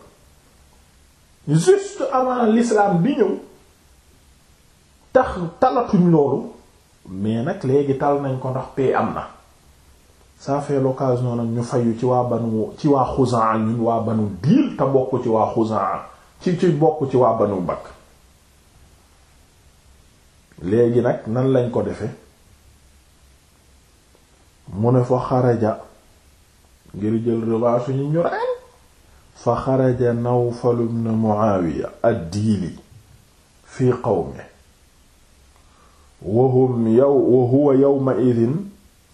juste avant l'islam bi ñëw tax talatuñ loolu mais nag léegi tal nañ ko ndax paix am na ça fait l'occasion nag ñu fayu ci waa banu ci waa Xuzaa ñun te bokk ci waa Xuzaa ci ci bokk ci waa banu Bakk léegi nag nan lañ ko defe mu ne fa xaraja ngir jël revanche ñu ñu rey fa xaraja nawfal bnu muaawiya addiili fi qawme wahum yow wa huwa yowma idin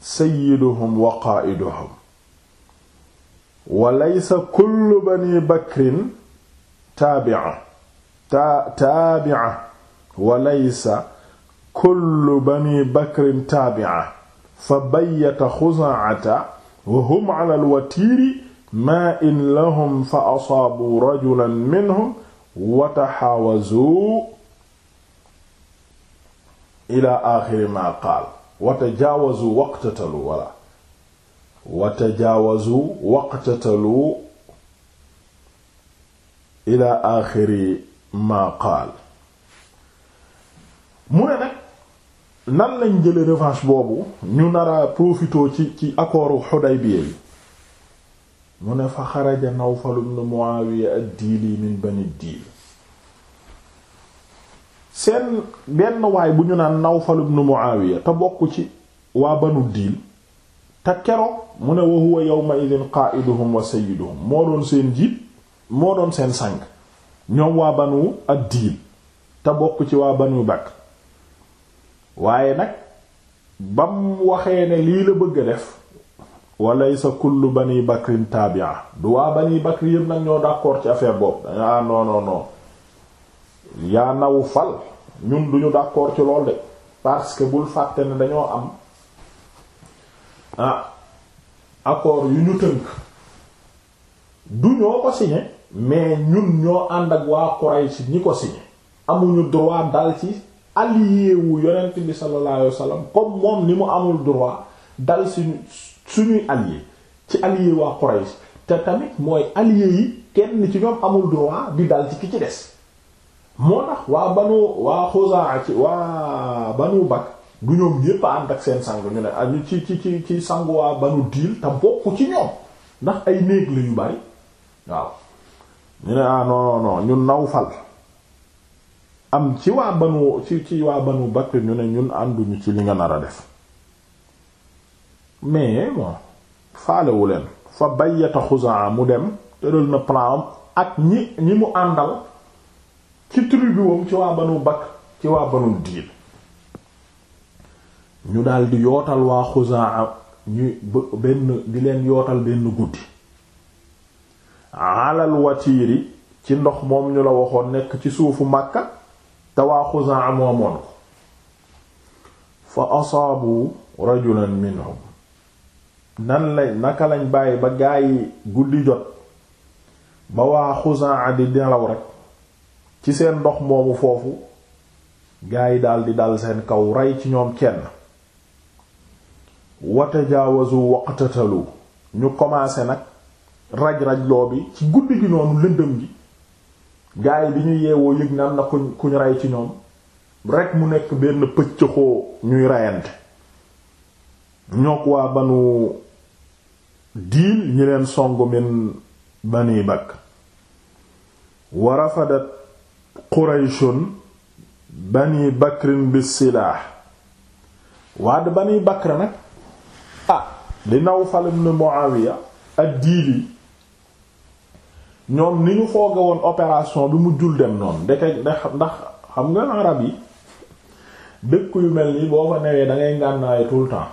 sayiduhum wa qaaiduhum wa laysa kullu bani bakrin taabia taabia wa laysa kullu bani bakrin taabia fa bayyata xuzaata wa hum ala alwatiiri maa in lahum fa asaabu rajulan minhum wa taxaawazu ila axiri maa qaal wa tajaawazu waqtatalu wala wa tajaawazu qaal mu ne nag nan lañ jële revanche boobu ñu nara profitoo ci ci accordu Xudaybiya mu ne fa xaraja Nawfal ibn Muawiya ad-Diili min Bani Diil seen benn waay bu ñu naan Nawfal ibn Muawiya te bokk ci waa Banu Diil te keroog mu ne wa huwa yawma idhin wa sayyiduhum moo doon seen jiit moo doon seen sang ñoom waa Banu ad-Diil te bokk ci waa Banu Bakr waaye nag bam waxee ne lii la bëgg a def walaysa kullu bani bakrin taabia du waa bani bakri yëpp nag ñoo d'accord ci affaire boobu danga ah, non non non yaa naw fal ñun duñu d'accord ci lool de parce que bul fàtte ne dañoo am ah accord yu ñu tënk du ñoo ko signé mais ñun ñoo ànd ak waa Quraysh ñi ko signé amuñu droit dal ci allié wu yonent bi sallallahu alayhi comme moom ni mu amul droit dal ci suñuy alliés ci alliés waa Quraysh te tamit mooy alliés yi kenn ci ñoom amul droit di dal ci ki ci des moo tax waa banu waa Xuzaa ci waa banu Bakk du ñoom ñépp a ànd ak seen ne añu ah, ci ci ci ci sangu waa banu Diil te bokk ci ñoom ndax ay néeg yu bari waaw ñu ne ah non non ñun Nawfal am ci waa banu ci ci waa banu Bakk ñu ne ñun ànduñu ci li nga nar a def mais bon faalewu leen fa bayyata Xuzaa mu dem tëral na plan ak ñi ñi mu àndal ci tribu wam ci waa Banu Bakr ci waa Banu Diil ñu daldi yootal waa Xuzaa ñu yootal benn guddi alal watiiri ci ndox moom ñu la waxoon nekk ci suufu Makka te waa Xuzaa moomoon ko fa asaabu rajulan minhum nan lay naka lañ bàyyi ba gaa yi guddi jot ba waa Xuzaa di nelaw rek ci seen ndox moomu foofu gaa yi daldi dal seen kaw ray ci ñoom kenn watajaawazu waqtatalu ñu commencé nag raj-raj loo bi ci guddi gi noonu lëndëm gi gaa bi ñu yeewoo yëg na am kuñ kuñ rey ci ñoom rek mu nekk benn pëccëxoo ñuy reyante ñook waa banu diil ñi leen songu min bani bakk wa rafadat qurayshun bani bakrin bi silaax waa de bani bakr nag ah li Nawfal ibn Muawiya ak diil yi ñoom ni ñu fooge woon opération bi mu jul dem noonu ndeke ndax xam nga arab yi dëkk yu mel nii boo fa newee dangay ngànnaayu tout le temps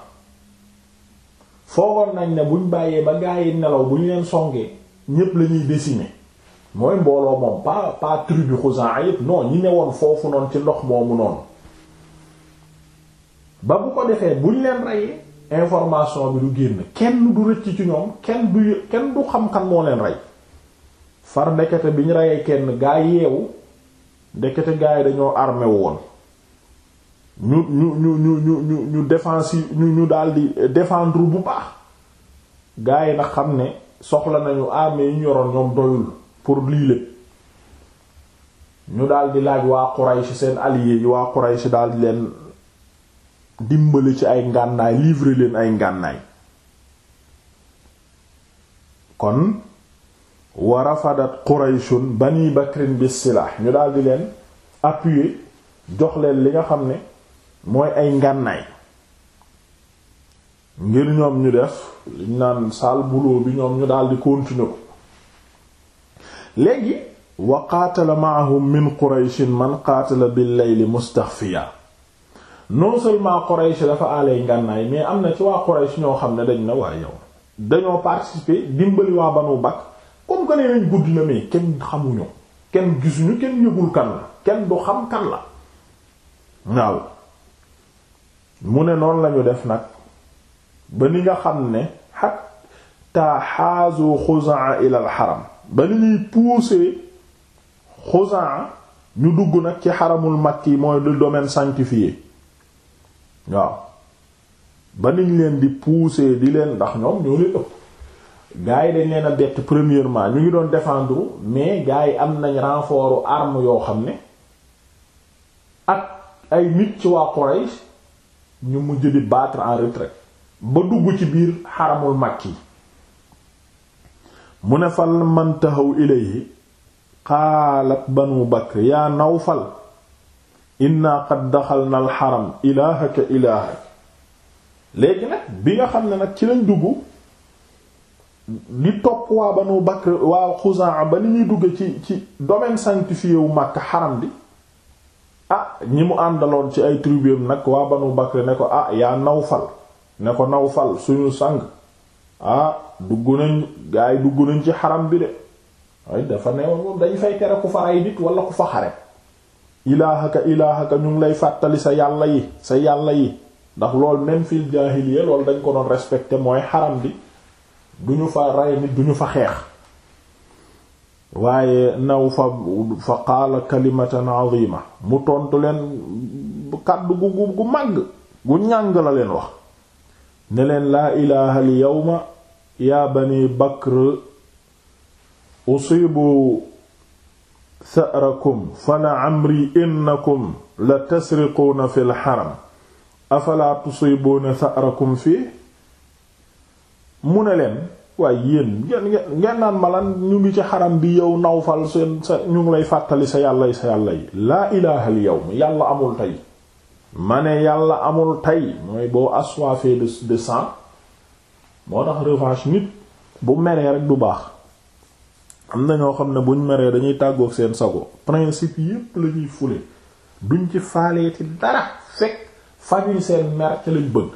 foogoon nañ ne buñ bàyyee ba gaa nelaw bu ñu leen songee ñépp lañuy ñuy mooy mbooloo moom pas pas tribu Xuzaa yépp non ñi newoon foofu noonu ci ndox moomu noonu ba bu ko defee buñ leen reyee information bi du génn kenn du rëcc ci ñoom kenn du kenn du xam kan moo leen rey far ndekete bi ñu reyee kenn gaa yeewu ndekete gaa yi dañoo armé woon ñu ñu ñu ñu ñu ñu ñu défensi ñu daldi défendre bu baax gars yi nag xam ne soxla nañu armée yu ñu yoroon ñoom doyul pour lii lépp ñu daldi laaj waa Quraysh seen alliés yi waa Quraysh daldi leen dimbali ci ay ngànnaay livrer leen ay ngànnaay kon wa rafadat Qurayshun Bani Bakrin bis silah ñu daldi leen appuyer jox leen li nga xam ne mooy ay ngànnaay ngir ñoom ñu def liñ naan saal buloo bi ñoom ñu daldi continuer ko léegi wa ma maahum min qurayshin man qaatala bil layli mustaxfiya non seulement quraysh dafa aalay ngànnaay mais am na ci waa quraysh ñoo xam ne dañ na waa yow dañoo participer dimbali waa banu bak comme que nee nañ guddi la mais kenn xamuñu kenn gisuñu kenn yëgul kan la kenn du xam kan la waaw mu ne noonu lañu def nag ba ni nga xam ne xatta xaasu Xuzaa ilal xaram ba ni ñuy pousser Xuzaa ñu dugg nag ci xaramul yi mooy le domaine sanctifié waaw ba niñ leen di pousser di leen ndax ñoom ñoo leen ëpp gars yi dañ leen a bett premièrement ñu ngi doon défendre mais gars yi am nañ renfort arme yoo xam ne ak ay nit ci waa Quraysh ñu mujj di battre en retraite ba dugg ci biir xaramul yi mu ne fal man taxaw ilayhi qaalat banu bakr yaa nawfal inna qad daxalna al xaram ilaahaka ilaahak léegi nag bi nga xam ne nag ci lañ dugg di topp waa banu bakr waa xuzaa ba ni ñuy dugg ci ci domaine sanctifié wu makk xaram bi ah ñi mu àndaloon ci ay tribum nag waa Banu Bakr ne ko ah yaa Nawfal ne ko Nawfal suñu sang ah dugg nañ gaa yi dugg nañ ci xaram bi de ay dafa neewoon moom dañ fay tere ku fa ay nit wala ku fa xare ilaahaka ilaahaka ñu ngi lay fàttali sa yàlla yi sa yàlla yi ndax lool même fil jaahiliya loolu dañ ko doon respecté mooy xaram bi duñu fa rey nit duñu fa xeex waaye naw fa fa qaala kalimatan azima mu tontu leen kàddu gu gu gu màgg gu ñàng la leen wax ne leen laa ilaha al yawma yaa bani bakr usibu sa'rakum fala amri innakum la tasriquuna fi lxaram afalaa tusibuuna sa'rakum fii mu ne leen waaye yéen ngeen ngeen naan ma ñu ngi ci xaram bi yow nawfal seen sa ñu ngi lay fàttali sa yàlla sa yàlla yi laa ilaha al yawm yàlla amul tey ma ne yàlla amul tey boo assoiffé de de sang moo tax revanche nit bu meree rek du baax am na ñoo xam ne buñ meree dañuy tàggoog seen sago principe yépp la ñuy fule duñ ci faaleeti dara fekk fajuñ seen mer ci lañ bëgg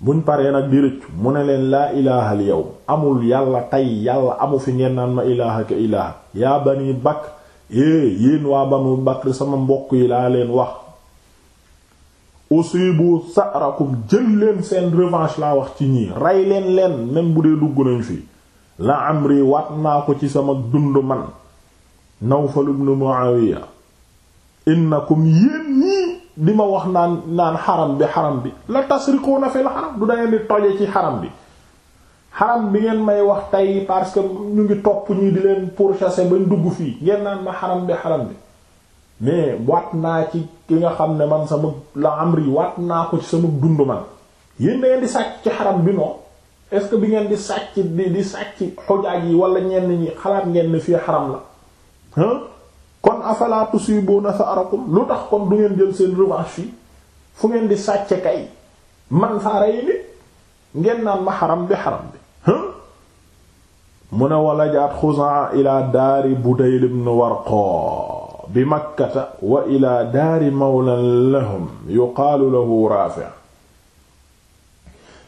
buñ paree nag di rëccu mu ne leen laa ilaha al amul yàlla tey yàlla amu fi ngeen naan ma ilaha ka ilaha yaa bani bakr é eh, yéen waa banu bakr sama mbokk yi laa leen wax usibu sa'rakum jël leen seen revanche laa wax ci ñii rey leen leen même bu dee dugg nañ fii la amri waat naa ko ci sama dund man Nawfal ibn Muawiya innakum yéen ñi di ma wax naan naan xaram bi xaram bi la tasriquuna fil xaram du da ngeen di toje ci xaram bi xaram bi ngeen may wax tey parce que ñu ngi topp ñii di leen pour pourchasser bañ dugg fii ngeen naan ma xaram bi xaram bi mais waat naa ci ki nga xam ne man sama la amri waat naa ko ci sama dund man yéen da di sàcc ci xaram bi non est-ce que bi ngeen di sàcc di di sàcc xojaaj yi wala ñenn ñi xalaat ngeen ne fii xaram la afala tusibuna sa'arakum lu tax kon du ngeen jël seen revanche fii fu ngeen di sàcce kay man faa rey nit ngeen naan ma xaram bi xaram bi mu ne wala jaat Xuzaa ila daari Budayl ibn Warqa bi makkat wa ila daari mawlan lahum yuqaalu lahu Raafi'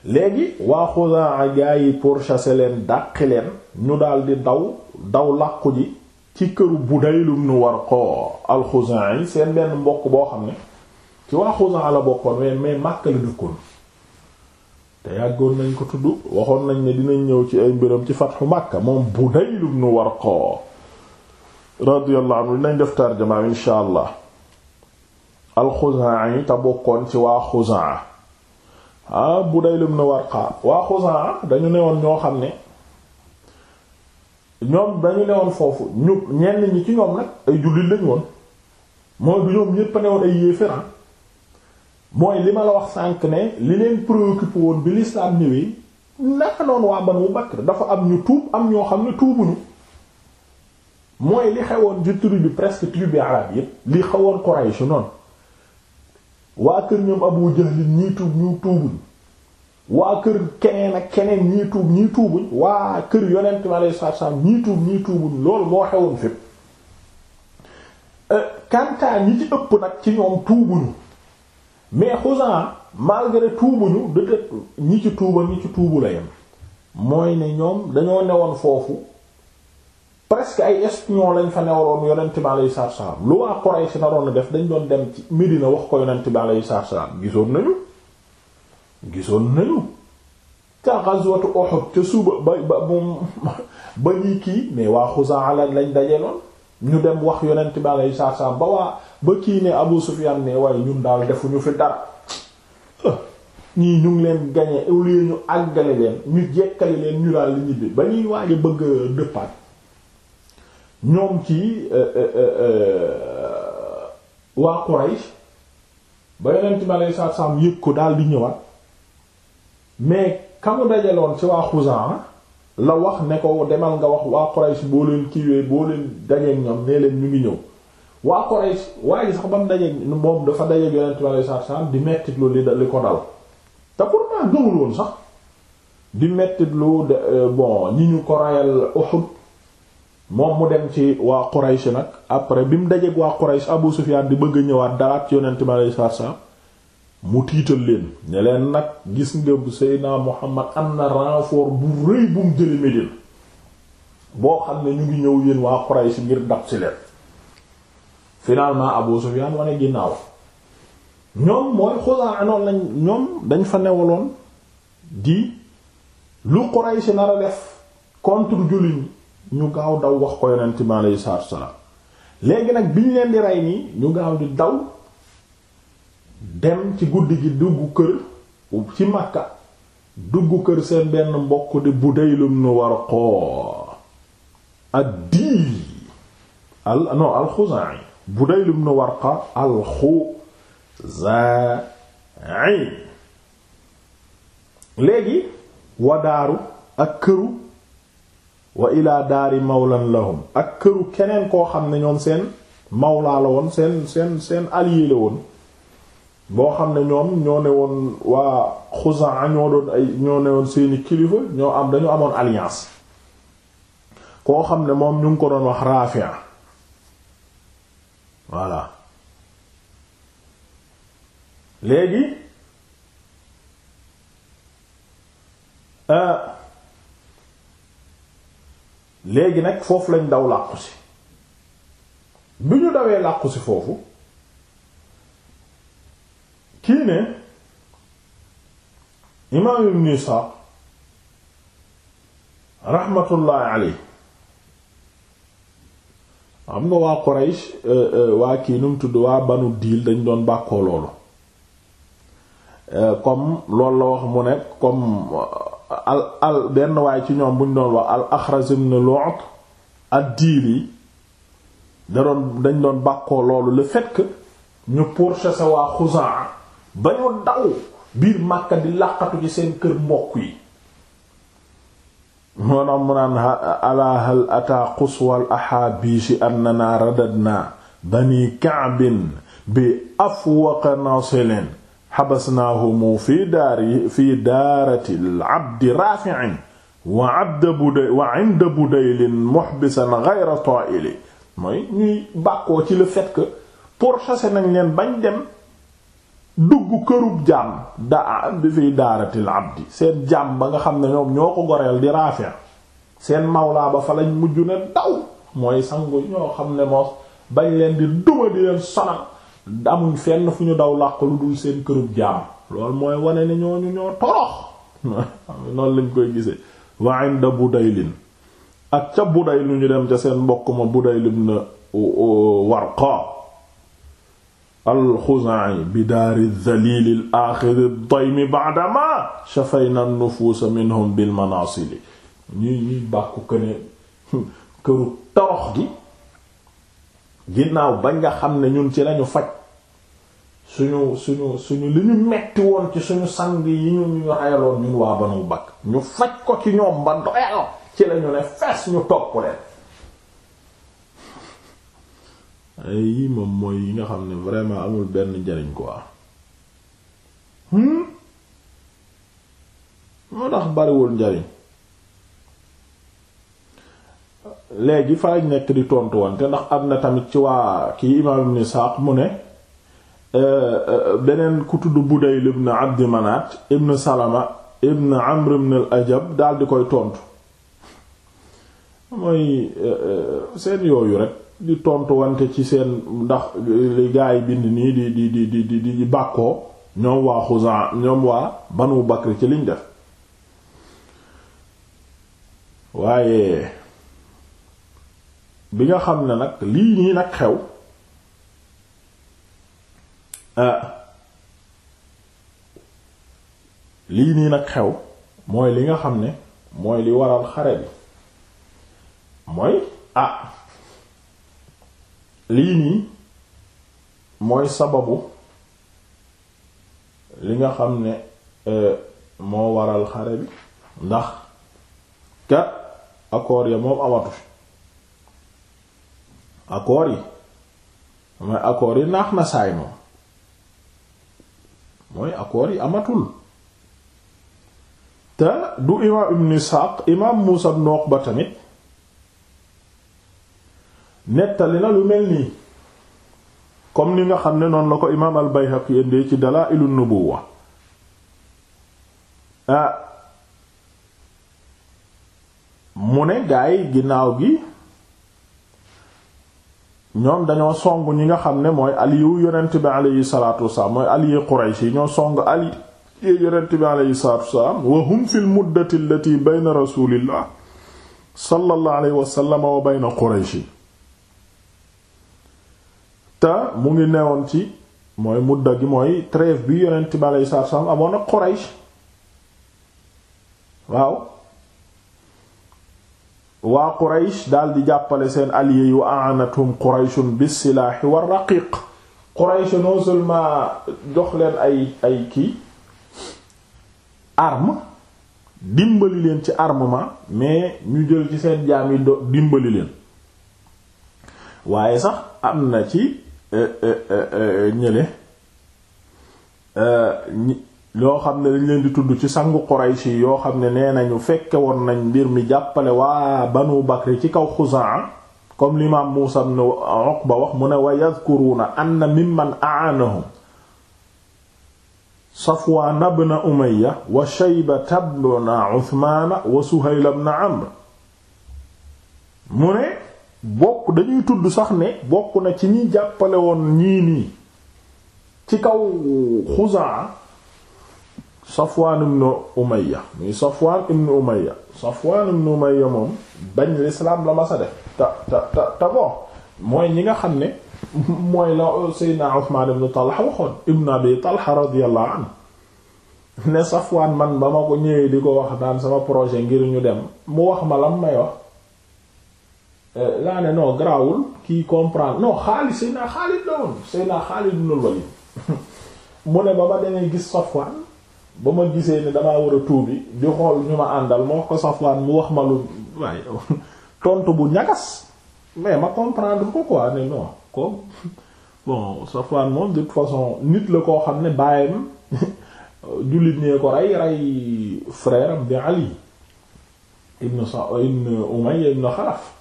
léegi waa Xuzaa gaa yi pourchasser leen dàqi leen ñu daldi daw daw làqu ji ci këru Budayl ibn Warqa al yi seen benn mbokk boo xam ne ci waa Xuzaa la bokkoon mais mais Makka la dëkkoon te yàggoon nañ ko tudd waxoon nañ ne dinañ ñëw ci ay mbiram ci Fathu Makka moom Budayl ibn Warqa radiyallahu anhu dinañ def tarjama insha Allah al-Xuzaa'i te bokkoon ci waa Xuzaa ah Budayl ibn Warqa waa Xuzaa dañu newoon ñoo xam ne ñoom dañu newoon foofu ñu ñenn ñi ci ñoom nag ay jullit lañ woon mooy du ñoom ñépp a newoon ay yéeféran ah. mooy li ma la wax sànq ne li leen préoccupé woon bi l'islam ñëwee naka noonu waa Banu Bakr dafa am ñu tuub am ñoo xam ne tuubuñu mooy li xewoon ci tribu presque tribu arab yépp li xewoon Quraysh noonu waa kër ñoom Abu Jahl ñii tuub ñu tuubuñu waa kër keneen ak keneen ñii tuub ñii tuubuñ waa kër yonent mi alayhi salaatu salaam ñii tuub ñii tuubuñ loolu moo xewoon fépp kantaa euh, ñi ci ëpp nag ci ñoom tuubuñu mais Xuzaa malgré tuubuñu de ñi ci tuuba ñi ci tuubu la yem ne ñoom dañoo newoon foofu presque ay espion lañ fa newaloon yonent bi alayhi salaatu salaam lu waa Quraysh naroon na def dañ doon dem ci Medina wax ko yonent bi alayhi salaatu salaam gisoon nañu gisoon nañu ca ghazwatu Uhud ca suba ba ba ba ñuy kii mais waa Xuzaa lañ dajeeloon ñu dem wax yonent bi alayhi salaam ba waa ba kii ne Abu Sufyaan ne waaye ñun daal defuñu fi dara ñii ñu ngi leen gañe au àggale leen ñu jekkale leen ñu daal li ñibbi ba ñuy waaja bëgg dëppaat ñoom ci euh, euh, euh, waa Quraysh ba yonent bi alayhi salaam yëg ko daal di ñëwaat mais ka mu dajaloon ci waa Xuzaa la wax ne ko demal nga wax waa Quraysh boo leen kiiwee boo leen dajeeg ñoom nee leen ñu ngi ñëw waa Quraysh waaye sax ba mu dajeeg moom dafa dajeeg Yonent bi sallallahu alayhi wasallam di mettit ko dal te sax di mettit lu euh, bon ñi ñu ko moom mu dem ci waa Quraysh nag après bi mu dajeeg waa Quraysh Abu Sufyaan di bëgg ñëwaat daraat ci Yonent bi mu tiital leen ne leen nag gis nga bu Seydina Muhammad am na renfort bu rëy bu mu jële Medina boo xam ne ñu ngi ñëw yéen waa Quraysh ngir dab ci leen finalement Abu Sufyan wane ginnaaw ñoom mooy Xuzaa noonu lañ ñoom dañ fa newaloon di lu Quraysh nar a def contre jullit ñu gaaw daw wax ko Yonent mi alayhi salaam léegi nag biñ leen di rey nii ñu gaaw di daw dem ci guddi gi dugg kër ci Makka dugg kër seen benn mbokk di Budaylum nu Warqa ad-Dili al non al-Khuzai Budaylum nu Warqa al-Khuzai léegi wa daaru ak këru wa ilaa daari mawlan lahum ak këru keneen koo xam ne ñoom seen mawlaa la woon seen seen seen allié la woon boo xam ne ñoom ñoo ne woon waa Xuzaa ñoo doon ay ñoo ne woon seeni kilifa ñoo am dañu amoon alliance koo xam ne moom ñu ngi ko doon wax Rafi' voilà léegi euh, léegi nag foofu lañ daw làqu si bi ñu dawee làqu si foofu kii ne imaam ibn Isaaq raxmatullaahi aley xam nga waa Quraysh euh, euh, waa kii num tudd waa banu diil dañ doon bàkkoo loolu euh, comme loolu la wax mu ne comme al al benn waaye ci ñoom buñ doon wax al Axras ibn Lu't ad-Diili da doon dañ doon bàkkoo loolu le fait que ñu pourchasser waa Xuzaa ba ñu daw biir Makka di làqatu ci seen kër mbokk yi moo tax mu naan alaa hal ataa quswal ahaabishi annana radadna bani Ka'bin bi afwaqa nasilin xabasnaahumu fi daari fi daarati abdi raafi'in wa abda buday wa inda budaylin muhbisan ghayra ta'ili mooy ñuy bàkkoo ci le fait que pourchasser nañ leen bañ dem dugg kërub jaam da bi fiy daaratil abdi seen jaam ba nga xam ne ñoom ñoo ko goreel di raafe seen mawlaa ba fa lañ mujj ne daw mooy sangu ñoo xam ne moos bañ leen di duma di leen sonal amuñ fenn fu ñu daw làq lu dul seen kërub jaam lool mooy wane ne ñooñu ñoo torox noonu lañ koy gisee wa inda Budaylin ak ca Budayl ñu dem ca seen mbokk ma Budayl ibn Warqa alxuzaa'i bi daari daliil aaxiri daymi baadama shafayna nufuusa minhum bil manaasili ñuy ñuy bàkku këne këru torox gi ginnaaw ba nga xam ne ñun ci lañu faj suñu suñu suñu li ñu metti woon ci suñu sang yi ñu ñu rayaloon ñun waa Banu Bakk ñu faj ko ci ñoom ba doyal ci lañu ne fees ñu topp leen yii moom mooy yi nga xam ne vraiment amul benn njariñ quoi hmm? moo tax bariwul njariñ léegi farañ lañ nekk di tontuwante ndax am na tamit ci waa kii imaam ibn Isaaq mu ne euh, euh, beneen ku tudd Budayl ibn Abdi Manaat ibn Salama ibn Amr ajab daal di koy tontu mooy euh, seen yooyu rek di tontu wante ci seen ndax li gaa yi bind nii di di di di di bàkkoo ñoom waa Xuzaa ñoom waa Banu Bakr ci liñ def waaye bi nga xam ne nag lii nii nag xew ah, lii nii nag xew mooy li nga xam ne mooy li waral xare bi mooy a ah, lii nii mooy sababu li nga xam ne euh, moo waral xare bi ndax kat accord ya moom amatu accord yi mooy accord yi naax na saay moom mooy accord yi amatul te du imaam ibn Isaaq imaam Muusa ibn Uqba tamit nettali na lu mel nii comme ni nga xam ne noon la ko imaam al-Bayhaqi indee ci Dalaa'ilun Nubuwwa ah mu ne gaay ginnaaw gi ñoom dañoo song ñi nga xam ne mooy aliyu yonent bi aleyhi salaatu wasalaam mooy aliyu Quraysh yi ñoo song ali yonent bi aleyhi salaatu wasalaam wa hum fil muddati allati bayna rasulillah sallallahu alayhi wa sallam wa bayna te mu ngi newoon ci mooy mudda gi mooy trêve bi yonent bi aleyhi salaatu salaam amoon ak Quraysh waaw waa Quraysh daal di jàppale seen allié yu aanatum Qurayshun bisilaahi wa raqiq Quraysh non seulement jox leen ay ay kii arme dimbali leen ci armement mais ñu jël ci seen jaam yi dimbali leen waaye sax am na ci Eh, eh, eh, ñële loo xam ne dañ leen di tudd ci sangu Quraysh yoo xam ne nee nañu fekke woon nañ mbir mi jàppale waa Banu Bakri ci kaw Xuzaa kom l'imam Muusa ibn Uqba wax mu ne wa yadhkuruna anna mimman a'anahum Safwaan ibn Umayya wa Shayba ibn Uthmaan wa Suhayl ibn Amr mu ne bokk dañuy tudd sax ne bokk na ci ñi jàppale woon ñii nii ci kaw Xuzaa Safwaan ibnu Umayya muy Safwaan ibnu Umayya Safwaan ibnu Umayya moom bañ lislaam la ma sa def ta ta ta mooy ñi nga xam ne mooy la Seydina Usmaan ibnu Talha waxoon ibnu Abi Talha radiyallahu anhu ne Safwaan man ba ma ko ñëwee di ko wax daan sama projet ngir ñu dem mu wax ma lam may wax Euh, laa ne non garaawul kii comprendre non Xaalid Seydina Xaalid la woon Seydina Xaalid ibn Walid mu ne ba ma demee gis Safwaan ba ma gisee ne damaa war a tuubi di xool ñu ma àndal ma wax ko Safwaan mu wax ma lu waaye tontu bu ñagas mais ma comprendre ko quoi ne non ko moom de toute façon nit la koo xam ne bàyyam jullit nee ko rey rey frère am Ali ibn sa ibn Umayya ibn Xalaf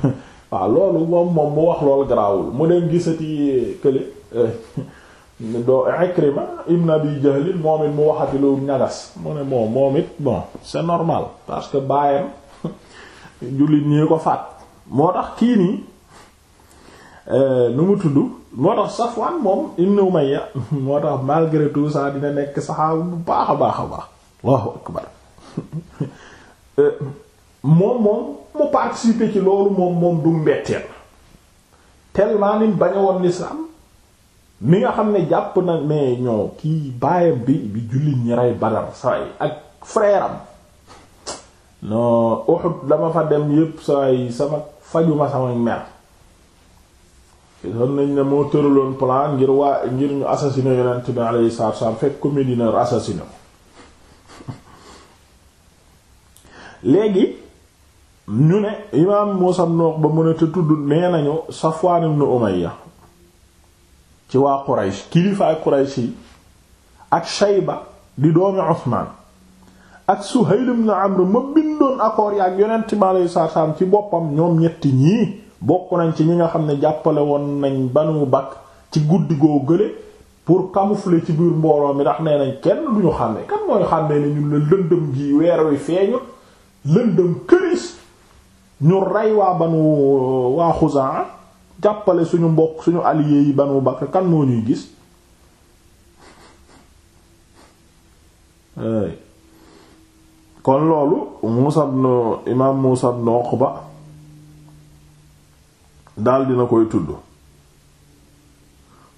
waaw loolu moom moom mu wax loolu garaawul mu dem gisati kële eh, doo Ikrima ibn Abi Jahl moom it mu waxati lu ñagas mu ne bon moom it bon c'est normal parce que baayam jullit ñi ko faat moo tax kii nii eh, nu mu tudd moo tax Safwan moom ibn Umayya moo tax malgré tout ça dina nekk saxaaba bu baax a baax a baax Allahu akbar eh, moom moom mu participer ci loolu moom moom du mbetteel tellement ni bañ a woon l'islam mi nga xam ne jàpp na mais ñoo kii baayam bi bi jullit ñi rey Badar ak frère am non dama fa dem yépp say sama fajuma sama mer gisoon nañ ne moo tëraloon plan ngir waa ngir ñu assassiner yonent bi alayhi salaatu wasallam fekk ko Medina assassiner ko léegi ñu ne imaam Muusaa ibn ba mu ne te tudd nee nañu Safwaan ibn Umayya ci waa Quraysh kilifaay Quraysh yi ak Shayba di doomi Usmaan ak Suhayl ibn Amr ma bindoon accord yi ak yonent mi alayhi salaam ci boppam ñoom ñetti ñii bokk nañ ci ñi nga xam ne jàppale woon nañ Banu Bakr ci guddi goo gële pour camoufler ci biir mbooloo mi ndax nee nañ kenn duñu xàmmee kan mooy xàmmee ne ñun la lëndëm gi weer wi feeñu lëndëm këris ñu rey waa banu waa Xuzaa jàppale suñu mbokk suñu allié yi banu Bakr kan moo ñuy gis kon loolu Muusa ibn imaam Muusa ibn Uqba daal dina koy tudd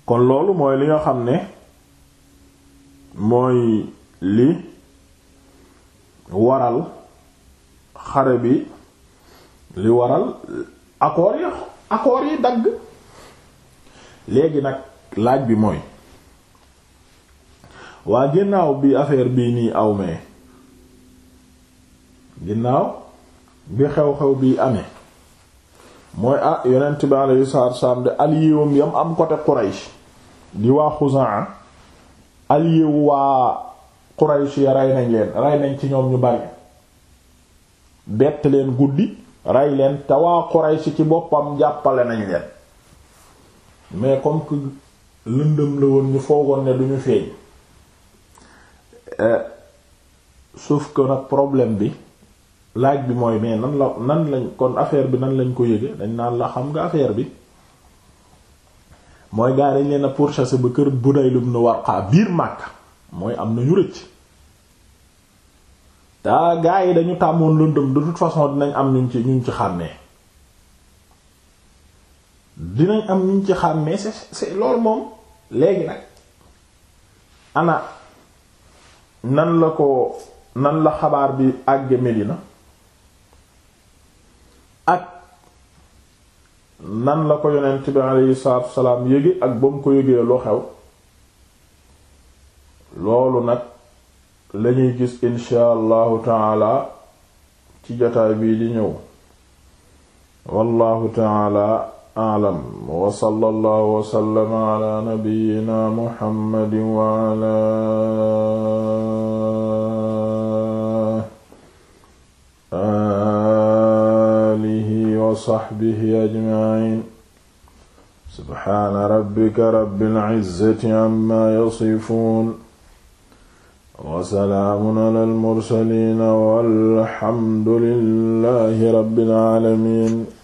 kon loolu mooy li nga xam ne mooy li waral xare bi li waral euh, accord yi accord yi dagg léegi nag laaj bi mooy waa ginnaaw bi affaire bii nii awmee ginnaaw bi xew-xew bi amee mooy ah yonent bi alayhi salaatu wassalaam de alliéwam yam am côté Quraysh di waa Xuzaa alliéwu waa Quraysh ya rey nañ leen rey nañ ci ñoom ñu bari bett leen guddi rey leen te waa Quraysh ci boppam jàppale nañ leen mais comme que lëndëm la woon ñu foogoon ne duñu feeñ euh, sauf que nag problème bi laaj bi mooy mais nan la nan lañ kon affaire bi nan lañ ko yëge dañ naan la xam nga affaire bi mooy gaa dañ leen a pourchasser ba kër bu Budayl ibn Warqa biir Makka mooy am nañu rëcc daa gaa yi dañu tàmmoon lëndëm de toute façon dinañ am ñun ci ñun ci xàmmee dinañ am ñun ci xàmmee c'est c'est loolu moom léegi nag ana nan la ko nan la xabaar bi àgge Medina ak nan la ko yonent bi aleyhi salaatu wa salaam yége ak ba mu ko yégee lu xew loolu nag lañuy gis insha allahu taala ci jotaay bii di ñëw wallahu taala a'lam wa sallallahu wa sallama ala nabiyyina muhammadin wa ala alihi wa sahbihi ajma'in subhana rabbika rabbil izzati amma yasifun wasalaamun ala almursaliin walhamdulillahi rabbil aalamiin